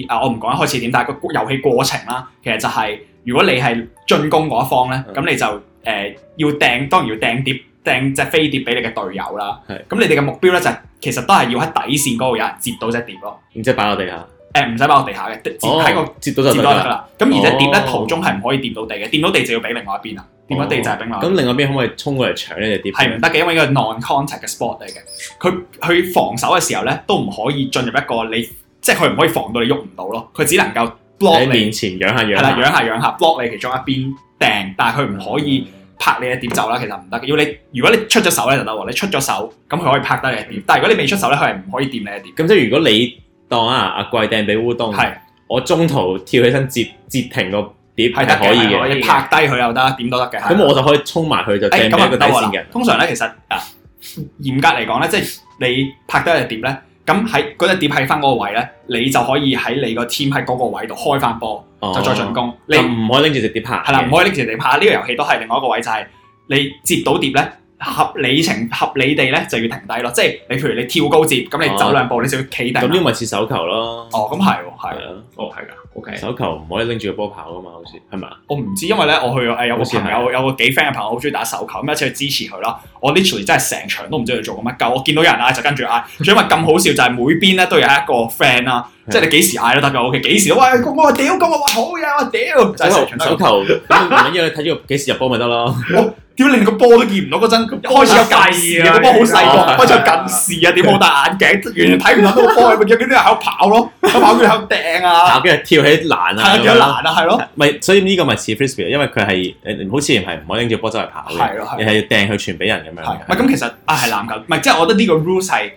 始啊，我唔講一開始點，但係個遊戲過程啦，其實就係。如果你係進攻嗰一方咧，咁、嗯、你就誒、呃、要掟，當然要掟碟，掟隻飛碟俾你嘅隊友啦。咁是 你哋嘅目標咧，就係、其實都係要喺底線嗰度有人接到隻碟咯。唔使擺落地下。誒、呃，唔使擺落地下嘅，接喺、哦、個接到就接到得啦。咁、哦、而且碟咧途中係唔可以掂到地嘅，掂到地就要俾另外一邊啦。掂、哦、到地就係冰球。咁、哦、另外一邊可唔可以衝過嚟搶呢隻碟？係唔得嘅，因為一個 non-contact 嘅 sport 嚟嘅。佢佢防守嘅時候咧，都唔可以進入一個你，即係佢唔可以防到你喐唔到咯。佢只能夠。喺面前養下養下，係啦，養下養下，block 你其中一邊掟，但佢唔可以拍你一碟就啦，其實唔得，要你如果你出咗手咧就得喎，你出咗手，咁佢可以拍低你一碟，但如果你未出手咧，佢係唔可以掂你一碟。咁、嗯、即係如果你當啊阿貴掟俾烏冬，係的我中途跳起身截截，截停個碟係可以嘅，以你拍低佢又得，點都得嘅。咁我就可以衝埋佢就掟喺個底線嘅、欸。通常咧，其實啊 (laughs) 嚴格嚟講咧，即、就、係、是、你拍低一碟咧。咁喺嗰隻碟喺翻嗰個位咧，你就可以喺你個 team 喺嗰個位度開翻波，哦、就再進攻。你唔可以拎住隻碟拍，係啦，唔可以拎住隻碟拍。呢、啊、個遊戲都係另外一個位，就係、是、你接到碟咧，合理程合理地咧就要停低咯。即係你譬如你跳高接，咁你走兩步，啊、你要、啊、就要企低。咁呢咪切手球咯？哦，咁係喎，係啊，的哦，係噶。Okay, 手球唔可以拎住個波跑噶嘛，好似係咪？我唔知，因為咧我去誒、哎、有個朋友是是有個幾 friend 嘅朋友好中意打手球，咁一齊去支持佢咯。我 literally 真係成場都唔知佢做緊乜鳩，我見到有人嗌就跟住嗌，仲因為咁好笑就係、是、每邊咧都有一個 friend 啦， (laughs) 即係你幾時嗌都得噶。O K，幾時喂、哎、我我屌咁我話好呀，我屌手、啊、手球，要我， (laughs) 你睇住幾時入波咪得咯。我如果連個波都見唔到？嗰陣開始有計啊！個波好細個，或者近視啊，點冇戴眼鏡，完全睇唔到個波，咪見啲人喺度跑咯，跑喺度掟啊，跟住跳起籃啊，有籃啊，係咯。咪所以呢個咪似 Frisbee 因為佢係好似唔係唔可以拎住波周嚟跑嘅，係咯你係要掟佢傳俾人咁樣。咪咁其實啊係籃球唔係，咪即係我覺得呢個 rules 係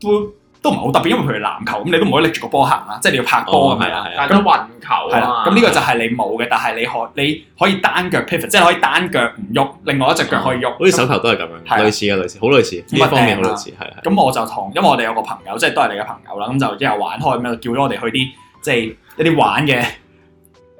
都。都唔係好特別，因為譬如籃球咁，你都唔可以拎住個波行啦，即係你要拍波咁。係啊係啊，咁運球啊。係啦，咁呢哇、啊、個就係你冇嘅，但係你可你可以單腳 pivot，即係可以單腳唔喐，另外一隻腳可以喐、哦。好似手球都係咁樣、啊類，類似嘅類似，好類似呢方面好類似，係咁、啊啊、我就同，因為我哋有個朋友，即係都係你嘅朋友啦，咁就之後玩開咁就叫咗我哋去啲即係一啲玩嘅。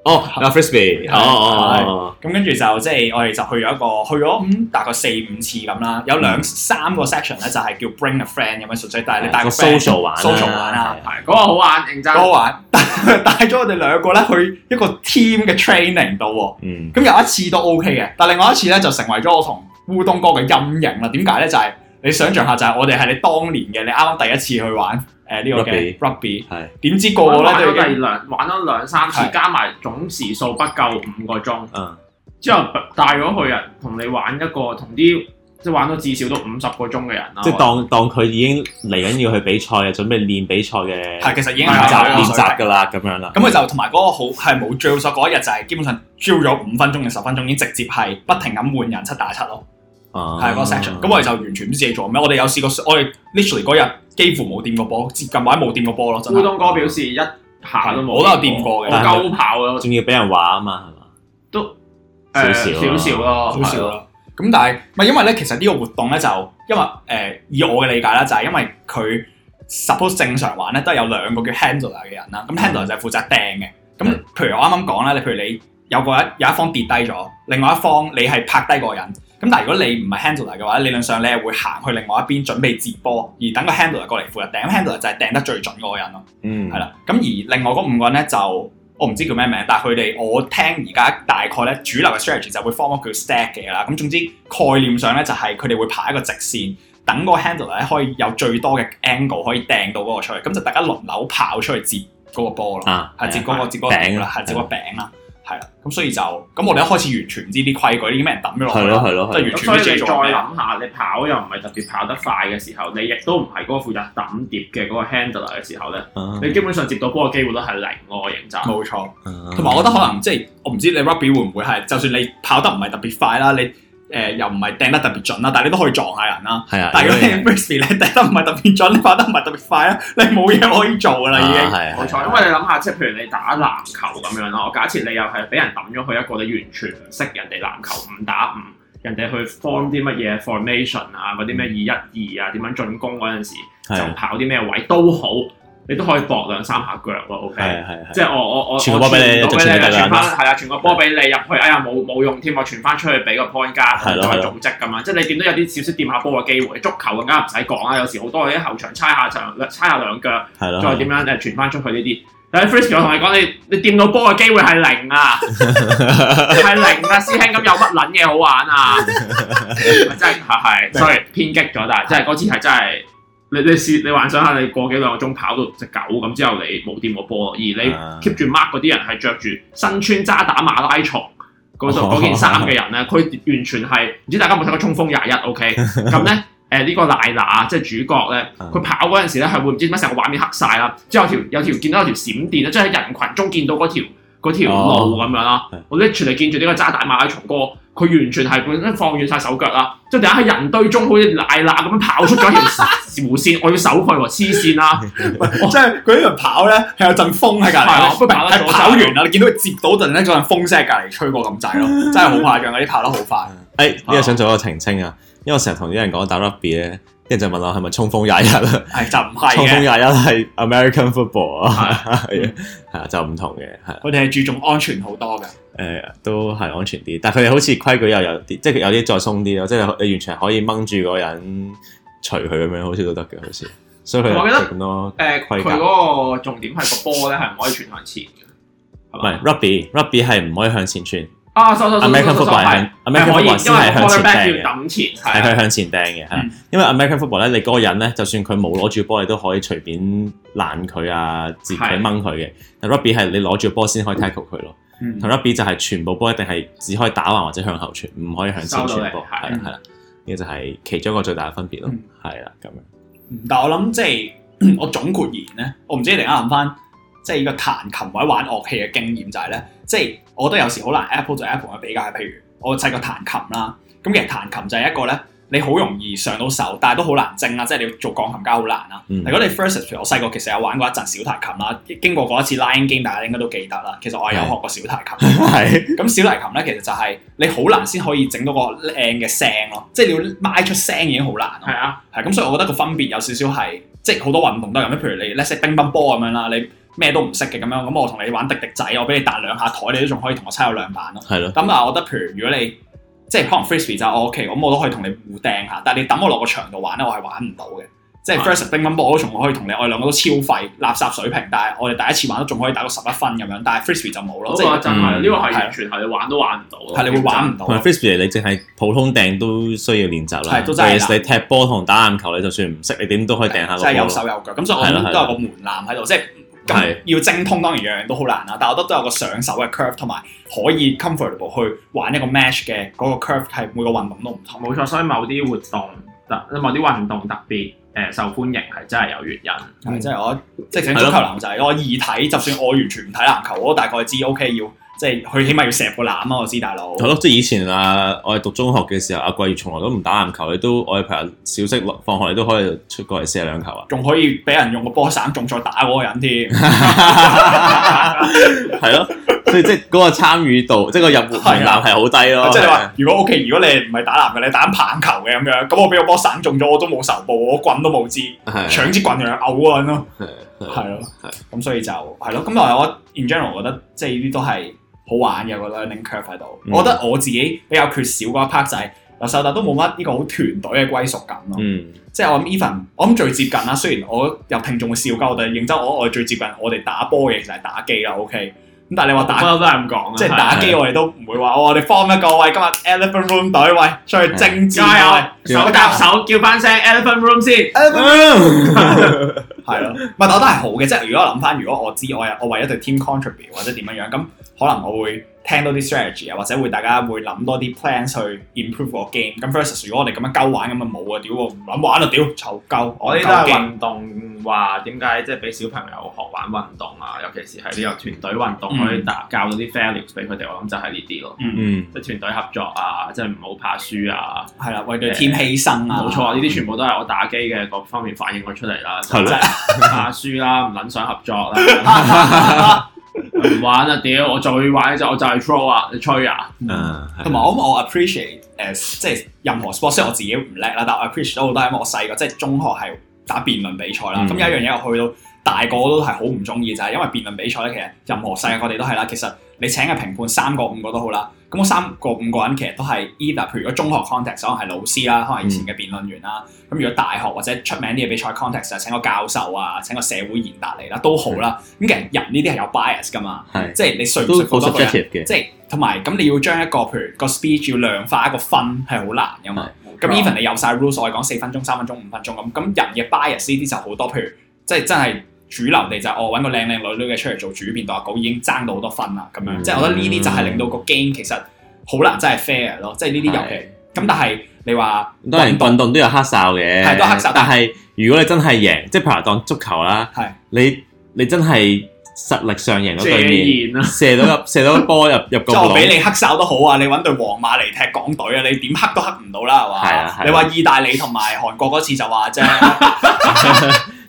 哦，打 frisbee，哦哦，咁跟住就即係我哋就去咗一個，去咗嗯大概四五次咁啦，有兩三個 section 咧就係叫 bring a friend 咁樣純粹，但係你帶個 social 玩，social 玩啦，係，嗰個好玩，認真，好玩，帶帶咗我哋兩個咧去一個 team 嘅 training 度，嗯，咁有一次都 OK 嘅，但係另外一次咧就成為咗我同烏冬哥嘅陰影啦。點解咧？就係你想象下，就係我哋係你當年嘅，你啱啱第一次去玩。誒呢個嘅，Rugby，係點知個個咧都係兩玩咗兩三次，加埋總時數不夠五個鐘。嗯，之後帶咗去人同你玩一個，同啲即係玩咗至少都五十個鐘嘅人啦。即係當當佢已經嚟緊要去比賽啊，準備練比賽嘅，係其實已經練習練習㗎啦，咁樣啦。咁佢就同埋嗰個好係冇 drill 一日就係基本上 drill 咗五分鐘定十分鐘，已經直接係不停咁換人七打七咯。啊，係嗰 section。咁我哋就完全唔知自己做咩。我哋有試過，我哋 literally 嗰日。幾乎冇掂過波，接近或者冇掂過波咯。烏冬哥表示、嗯、一下都冇，我都有掂過嘅。好是夠跑咗，仲要俾人話啊嘛，係嘛？都、呃、少少少少咯，少少咯。咁了但係咪因為咧？其實呢個活動咧，就因為誒、呃、以我嘅理解啦，就係、是、因為佢 suppose 正常玩咧，都係有兩個叫 handler 嘅人啦。咁 handler 就係負責掟嘅。咁、嗯、譬如我啱啱講啦，你譬如你有個一有一方跌低咗，另外一方你係拍低個人，咁但如果你唔係 handler 嘅話，理論上你係會行去另外一邊準備接波，而等個 handler 過嚟負責掟。咁 handler 就係掟得最準嗰個人咯。嗯，係啦。咁而另外嗰五個人咧，就我唔知叫咩名，但係佢哋我聽而家大概咧主流嘅 strategy 就會 form 佢個叫 stack 嘅啦。咁總之概念上咧就係佢哋會爬一個直線，等個 handler 咧可以有最多嘅 angle 可以掟到嗰個出去。咁就大家輪流跑出去接嗰個波咯，係接嗰個接嗰、啊嗰個啦，係接、啊嗰個餅啦。啦，咁所以就咁，我哋一開始完全唔知啲規矩已經畀人抌咗落去。係咯係咯，即係完全唔知，咁所以你再諗下，麼你跑又唔係特別跑得快嘅時候，你亦都唔係嗰個負責抌碟嘅嗰個 handler 嘅時候咧，啊、你基本上接到波嘅機會都係零咯。型集。冇錯，同埋、啊、我覺得可能即係、就是、我唔知你 rugby 會唔會係，就算你跑得唔係特別快啦，你。誒、呃、又唔係掟得特別準啦，但係你都可以撞下人啦。係啊，但係如果你 missy 你掟得唔係特別準，你跑得唔係特別快啦，你冇嘢可以做噶啦已經。係冇錯。啊、因為你諗下，即係譬如你打籃球咁樣咯，假設你又係俾人抌咗去一個你完全唔識人哋籃球，五打五，人哋去 form 啲乜嘢 formation 啊，嗰啲咩二一二啊，點樣進攻嗰陣時、啊、就跑啲咩位都好。你都可以博兩三下腳 OK？係係係，即係我我我我傳個波俾你，傳翻係啊，傳個波俾你入去。哎呀，冇冇用添，我傳翻出去俾個 point 加，就係總積咁樣，即係你見到有啲少少掂下波嘅機會，足球更加唔使講啦。有時好多喺後場猜下場，猜下兩腳，再點樣誒傳翻出去呢啲？但係 Frisbee，我同你講你你掂到波嘅機會係零啊，係零啊，師兄咁有乜撚嘢好玩啊？真係係，sorry 偏激咗，但係即係嗰次係真係。你你試你幻想下，你過幾兩個鐘跑到隻狗咁之後，你冇掂過波，而你 keep 住 mark 嗰啲人係着住身穿渣打馬拉松嗰度件衫嘅人咧，佢、哦、完全係唔知大家有冇睇過《衝鋒廿一，okay? (laughs) 》OK？咁咧誒呢個瀨那即係主角咧，佢跑嗰陣時咧係會唔知點解成個畫面黑晒啦，之後條有條，有條見到有條閃電啦，即係喺人群中見到嗰條。嗰條路咁樣啦，oh. 我 lift 嚟見住呢個揸大馬拉松哥，佢完全係本身放軟曬手腳啦，即係突然喺人堆中好似瀨瀨咁樣跑出咗條弧線， (laughs) 我要手佢喎，黐線啦！即係佢啲人跑咧，係有陣風喺隔離，係跑，跑完啦， (laughs) 你見到佢接到，突然間有陣風聲隔離吹過咁滯咯，真係好誇張！嗰啲跑得好快。誒，呢個想做一個澄清啊，嗯、因為我成日同啲人講打 rugby 咧。跟住就問我係咪衝鋒廿一啦？係就唔係嘅。衝鋒廿一係、哎、American football 啊的，係啊， (laughs) 就唔同嘅。我哋係注重安全好多嘅。誒、呃，都係安全啲，但佢佢好似規矩又有啲，即、就、係、是、有啲再鬆啲咯。即、就、係、是、你完全可以掹住個人除佢咁樣，好似都得嘅。好似。所以我覺得誒規格嗰個重點係個波咧，係唔可以傳向前嘅。唔係 Rugby，Rugby 係唔可以向前傳。啊！American football 係 American football 先係向前掟嘅，係佢向前掟嘅，係。因為 American football 咧，你嗰個人咧，就算佢冇攞住波，你都可以隨便攔佢啊，自己掹佢嘅。但 Rugby 係你攞住波先可以 tackle 佢咯。同 Rugby 就係全部波一定係只可以打橫或者向後傳，唔可以向前傳波。係啦，係啦，呢個就係其中一個最大嘅分別咯。係啦，咁樣。但係我諗即係我總括而言咧，我唔知你啱啱諗翻，即係依個彈琴或者玩樂器嘅經驗就係咧，即係。我覺得有時好難 Apple 就 Apple 嘅比較，係譬如我細個彈琴啦，咁其實彈琴就係一個咧，你好容易上到手，但係都好難精啦，即係你要做鋼琴家好難啦。嗯，如果你 first，我細個其實有玩過一陣小提琴啦，經過嗰一次 Line Game，大家應該都記得啦。其實我有學過小提琴，咁是 (laughs) 小提琴咧其實就係你好難先可以整到個靚嘅聲咯，即係你要拉出聲已經好難咯。係啊，咁所以我覺得個分別有少少係，即係好多運動都係咁，譬如你咧食乒乓波咁樣啦，你。咩都唔識嘅咁樣，咁我同你玩迪迪仔，我俾你揼兩下台，你都仲可以同我抽有兩板咯。係咯。咁嗱，我覺得譬如如果你即係可能 Frisbee 就 OK，咁我都可以同你互掟下。但係你等我落個場度玩咧，我係玩唔到嘅。即係 Frisbee 乒乓波，我都仲可以同你，我哋兩個都超廢垃圾水平，但係我哋第一次玩都仲可以打到十一分咁樣。但係 Frisbee 就冇咯。呢個就係呢個係完全係你玩都玩唔到。係你會玩唔到。同埋 Frisbee 你淨係普通掟都需要練習啦。係都真係。你踢波同打籃球，你就算唔識，你點都可以掟下。即係有手有腳，咁所以都有個門檻喺度，即係。要精通，當然樣樣都好難啦。但係我覺得都有個上手嘅 curve，同埋可以 comfortable 去玩一個 match 嘅嗰、嗰個 curve 係每個運動都唔同。冇錯，所以某啲活動某啲運動特別誒受歡迎係真係有原因。即係、嗯就是、我即係、就是、整咗球男仔，我易睇。就算我完全唔睇籃球，我都大概知 OK 要。即係佢起碼要射個籃啊！我知大佬。係咯，即係以前啊，我哋讀中學嘅時候，阿貴從來都唔打籃球，你都我哋朋友小息落放學，你都可以出過嚟射兩球啊！仲可以俾人用個波鏟中再打嗰個人添，係咯，所以即係嗰個參與度，即係 (laughs) 個入，入門門檻係好低咯。即係話，就是你啊、如果 OK，如果你唔係打籃嘅，你打棒球嘅咁樣，咁我俾個波鏟中咗，我都冇仇報，我都、 (laughs) 啊、棍都冇知，搶支棍又嘔咁咯，係咯，咁所以就係咯。咁但係我 in general 覺得，即係呢啲都係。好玩嘅個 learning curve 喺度，我覺得我自己比較缺少嗰一 part 就係，手達都冇乜呢個好團隊嘅歸屬感咯。嗯，即係我諗 Even，我諗最接近啦。雖然我有聽眾會笑鳩，但係認真，我我最接近我哋打波嘅其實係打機啦。OK，咁但係你話打波都係咁講，即係打機我哋都唔會話，我哋 form 一個位，今日 Elephant Room 隊位出去正街加油，手搭手叫翻聲 Elephant Room 先，Elephant Room 係咯，唔係我都係好嘅。即係如果我諗翻，如果我知我我為咗對 Team Contribute 或者點樣樣咁。可能我會聽到啲 strategy 啊，或者會大家會諗多啲 plans 去 improve 個 game。咁 versus 如果我哋咁樣鳩玩咁就冇啊！屌我唔玩玩啊！屌嘈鳩！我呢都係運動，話點解即係俾小朋友學玩運動啊？尤其是係呢個團隊運動，可以達教到啲 values 俾佢哋。我諗就係呢啲咯。嗯，即係團隊合作啊，即係唔好怕輸啊，係啦，為隊添犧牲。啊。冇錯啊！呢啲全部都係我打機嘅各方面反映出嚟啦。係啦，怕輸啦，唔撚想合作啦。唔 (laughs) 玩啊屌！我最玩就是我就係 throw 啊，你吹啊，同埋我我 appreciate 誒、呃，即係任何 sport，即我自己唔叻啦，但係 appreciate 都好多，因為我細個即係中學係打辯論比賽啦，咁有、mm hmm. 一樣嘢我去到。大個都係好唔中意，就係因為辯論比賽咧，其實任何世界我哋都係啦。其實你請嘅評判三個五個都好啦。咁嗰三個五個人其實都係 either 譬如如果中學 context 可能係老師啦，可能以前嘅辯論員啦。咁、嗯、如果大學或者出名啲嘅比賽 context 就請個教授啊，請個社會賢達嚟啦，都好啦。咁是其實人呢啲係有 bias 噶嘛，是即係你隨唔好多嘅。即係同埋咁你要將一個譬如個 speech 要量化一個分係好難噶是嘛。咁、嗯、even 你有晒 rules，我講四分鐘、三分鐘、五分鐘咁，咁人嘅 bias 呢啲就好多，譬如即係真係。主流地就我、是、揾、哦、個靚靚女女嘅出嚟做主辯導阿稿已經爭到好多分啦，咁樣即係我覺得呢啲就係令到個 game 其實好難真係 fair 咯、嗯，即係呢啲遊戲。咁是但係你話多人運動都有黑哨嘅，係都黑哨。但係如果你真係贏，即係譬如當足球啦，係是你你真係實力上贏咗對面，啊、射到入射到波入入個球，就畀你黑哨都好啊！你揾對皇馬嚟踢港隊啊，你點黑都黑唔到啦，係嘛？啊啊、你話意大利同埋韓國嗰次就話啫。 (laughs) (laughs)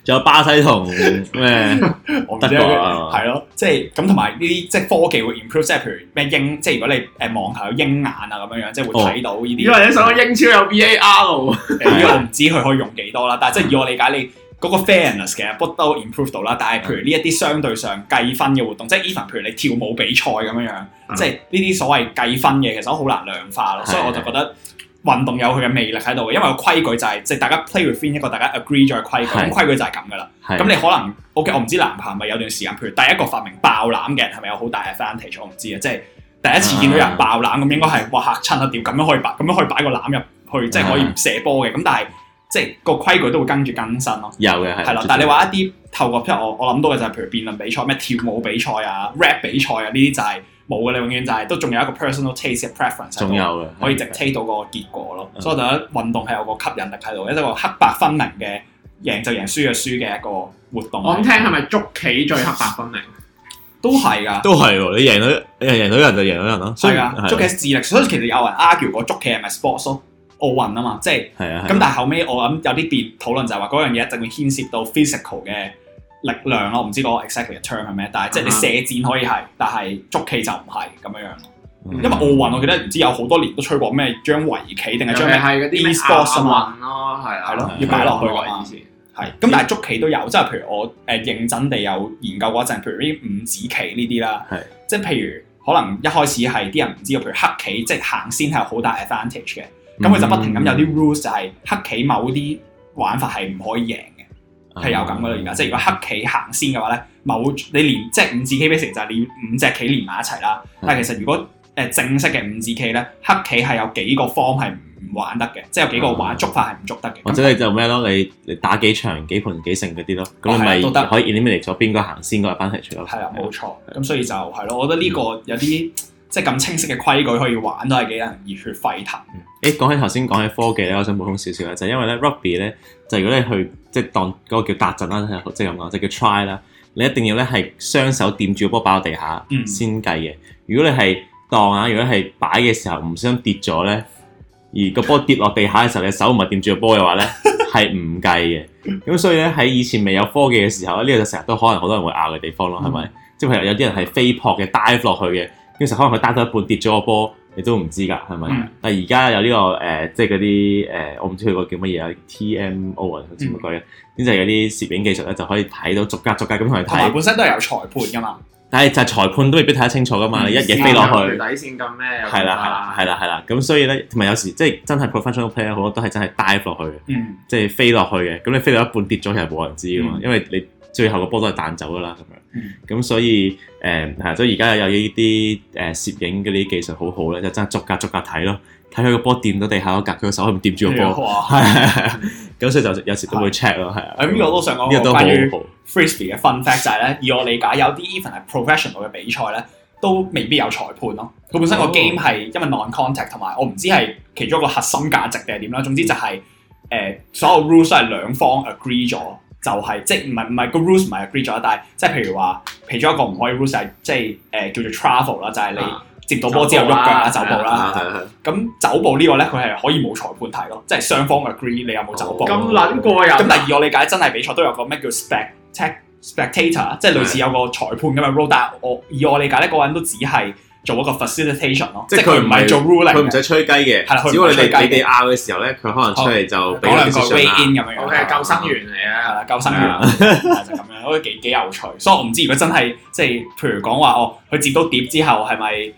有巴西同咩？ (laughs) 我唔得啊！係、就、咯、是，即係咁同埋呢啲即係科技會 improve 即咧，譬如咩英，即係如果你誒網球有英眼啊咁樣樣，即係會睇到呢啲。因為你想英超有 VAR，呢個我唔知佢可以用幾多啦。但係即係以我理解，你嗰個 fairness 其實嘅都 improve 到啦。但係譬如呢一啲相對上計分嘅活動，即係 even 譬如你跳舞比賽咁樣樣，嗯、即係呢啲所謂計分嘅其實都好難量化咯。所以我就覺得。運動有佢嘅魅力喺度，因為個規矩就係即係大家 play within 一個大家 agree 咗嘅規矩，咁是規矩就係咁噶啦。咁是你可能 OK，我唔知籃球係咪有段時間，譬如第一個發明爆籃嘅係咪有好大嘅 advantage 我唔知啊，即、就、係、是、第一次見到人爆籃，咁、啊、應該係哇嚇親啊！點咁樣可以咁樣可以擺個籃入去，即、就、係、是、可以射波嘅。咁的但係即係個規矩都會跟住更新咯。有嘅係啦，但係你話一啲透過想譬如我我諗到嘅就係譬如辯論比賽、咩跳舞比賽啊、rap 比賽啊呢啲就係、是。冇嘅，你永遠就係、是、都仲有一個 personal taste 嘅 preference，仲有嘅可以直接到個結果咯。所以我覺得運動係有個吸引力喺度，嗯、一個黑白分明嘅贏就贏、輸就輸嘅一個活動。我諗聽係咪捉棋最黑白分明？ (laughs) 都係噶的。都係喎，你贏到你贏，贏到人就贏到人咯。係啊，捉棋係智力，所以其實有人 argue 過捉棋係咪 sports，奧運啊嘛，即係咁。但係後尾我諗有啲別討論就係話嗰樣嘢一定會牽涉到 physical 嘅。力量咯，我唔知嗰個 exactly 嘅 term 係咩，但係即係你射箭可以係，但係捉棋就唔係咁樣樣。因為奧運我記得唔知有好多年都吹過咩將圍棋定係將咩？係嗰啲亞運咯，係啊，係咯，要擺落去喎，意思係。咁但係捉棋都有，即係譬如我誒認真地有研究過嗰陣，譬如啲五子棋呢啲啦，係，即係譬如可能一開始係啲人唔知，譬如黑棋即係行先係好大 advantage 嘅，咁佢就不停咁有啲 rules 就係黑棋某啲玩法係唔可以贏。係有咁噶啦，而家即係如果黑棋行先嘅話咧，某你連即係五子棋咩成就係連五隻棋連埋一齊啦。的但係其實如果誒、呃、正式嘅五子棋咧，黑棋係有幾個方係唔玩得嘅，即係有幾個玩、啊、捉法係唔捉得嘅。或者、啊、那你就咩咯？你你打幾場幾盤幾勝嗰啲咯？咁你咪、哦、可以，可以拎嚟咗邊個行先嗰一班提出嚟。係啊，冇錯。咁所以就係咯，我覺得呢個有啲即係咁清晰嘅規矩可以玩都係幾人熱血沸騰。誒、欸，講起頭先講起科技咧，我想補充少少咧，就係、因為咧，Rugby 咧，就如果你去。即係當嗰個叫達陣啦，即係咁講，就叫 try 啦。你一定要咧係雙手掂住個波擺落地下先計嘅。如果你係當啊，如果係擺嘅時候唔小心跌咗咧，而個波跌落地下嘅時候，你手唔係掂住個波嘅話咧，係唔計嘅。咁所以咧，喺以前未有科技嘅時候咧，呢個就成日都可能好多人會拗嘅地方咯，係咪、嗯？即係其實有啲人係飛撲嘅 dive 落去嘅，於是可能佢 dive 到一半跌咗個波。你都唔知㗎，係咪？嗯、但而家有呢、呢個即係嗰啲誒，我唔知佢個叫乜嘢啊，TMO 啊，定乜鬼嘅？先係嗰啲攝影技術咧，就可以睇到逐格逐格咁去睇。本身都係有裁判㗎嘛。但係就係裁判都未必睇得清楚㗎嘛，嗯、一嘢飛落去。試試底線咁咩？係啦係啦係啦係啦，咁所以咧，同埋有，有時即係、就是、真係 professional player 好多都係真係 dive 落去即係、嗯、飛落去嘅。咁你飛到一半跌咗，其實冇人知㗎嘛，嗯、因為你最後個波都係彈走㗎啦，咁咁、嗯、所以。誒係、嗯，所以而家又有呢啲誒攝影嗰啲技術好好咧，就真係逐格逐格睇咯，睇佢個波掂到地下嗰格，佢個手喺度掂住個波，係啊，咁所以就有時都會 check 咯，係啊的。咁我都想講，呢個都好好。Frisbee 嘅 fun fact 就係咧，以我理解有啲，有啲 even 係 professional 嘅比賽咧，都未必有裁判咯。佢本身個 game 係因為 non-contact，同埋我唔知係其中一個核心價值定係點啦。總之就係、是、誒、呃、所有 rules 都係兩方 agree 咗。就係、是、即係唔係唔係個 rules 唔係 agree 咗，但係即係譬如話，其中一個唔可以 rules 係即係、呃、叫做 travel 啦，就係你接到波之後喐腳、啊、走步啦。咁走步呢個咧，佢係可以冇裁判睇咯，即係雙方 agree 你有冇走步。咁撚過人。咁但係 spe 的，以我理解，真係比賽都有個咩叫 spectator，即係類似有個裁判咁樣。但係我以我理解咧，個人都只係。做一個 facilitation 咯，即係佢唔係做 ruling，佢唔使吹雞嘅，係啦。只要你哋你拗嘅時候咧，佢可能出嚟就俾兩個 way in 咁樣。救生員嚟啊，救生員就咁樣，好似幾幾有趣。所以我唔知如果真係即係譬如講話哦，佢接到碟之後係咪誒？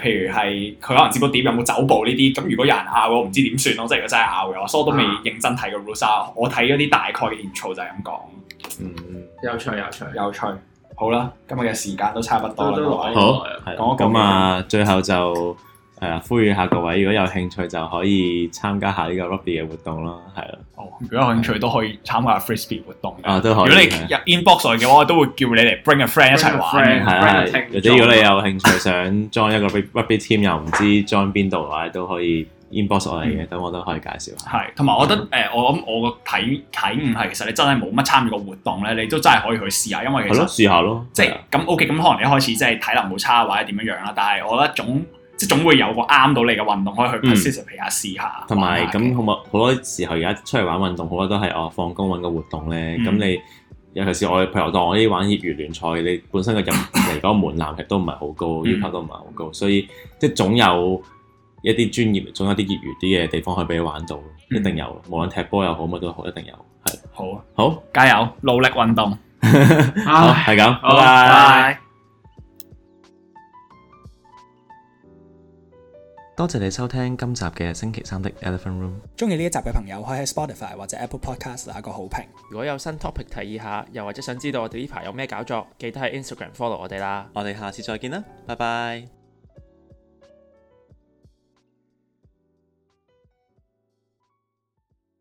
譬如係佢可能接到碟有冇走步呢啲？咁如果有人拗，我唔知點算咯。即係如果真係拗我。所以我都未認真睇過 rules。我睇咗啲大概嘅 intro，就係咁講。嗯，有趣，有趣，有趣。好啦，今日嘅時間都差不多啦。好，咁啊，啊，最後就誒、啊、呼籲下各位，如果有興趣就可以參加下呢個 Rugby 嘅活動咯，啊、哦，如果有興趣都可以參加下 Frisbee 活動對啊，啊，都可以。如果你入、啊、inbox 嚟嘅話，我都會叫你嚟 br bring a friend 一齊玩。或者如果你有興趣、啊、想裝一個 Rugby team，又唔知裝邊度嘅話，都可以。inbox 我嚟嘅，等我都可以介紹下。係，同埋我覺得誒，我諗我個體體悟係，其實你真係冇乜參與過活動咧，你都真係可以去試下，因為其實咯，試下咯，即係咁 OK，咁可能你一開始即係體能冇差或者點樣樣啦，但係我覺得總即係總會有個啱到你嘅運動可以去 participate 下試下。同埋咁好冇好多時候，而家出嚟玩運動，好多都係哦放工揾個活動咧。咁你尤其是我譬如話當我呢啲玩業餘聯賽，你本身嘅入嚟嗰個門檻其實都唔係好高，要求都唔係好高，所以即係總有。一啲專業，仲有啲業餘啲嘅地方可以俾你玩到，一定有，嗯、無論踢波又好，乜都好，一定有，係，好啊，好加油，努力運動。 (laughs) (laughs) (laughs) 好，係咁唉，拜拜。多謝你收聽今集嘅星期三的 Elephant Room。中意呢一集嘅朋友可以喺 Spotify 或者 Apple Podcast 打個好評。如果有新 topic 提議下，又或者想知道我哋呢排有咩搞作，記得喺 Instagram follow 我哋啦。我哋下次再見啦，拜拜。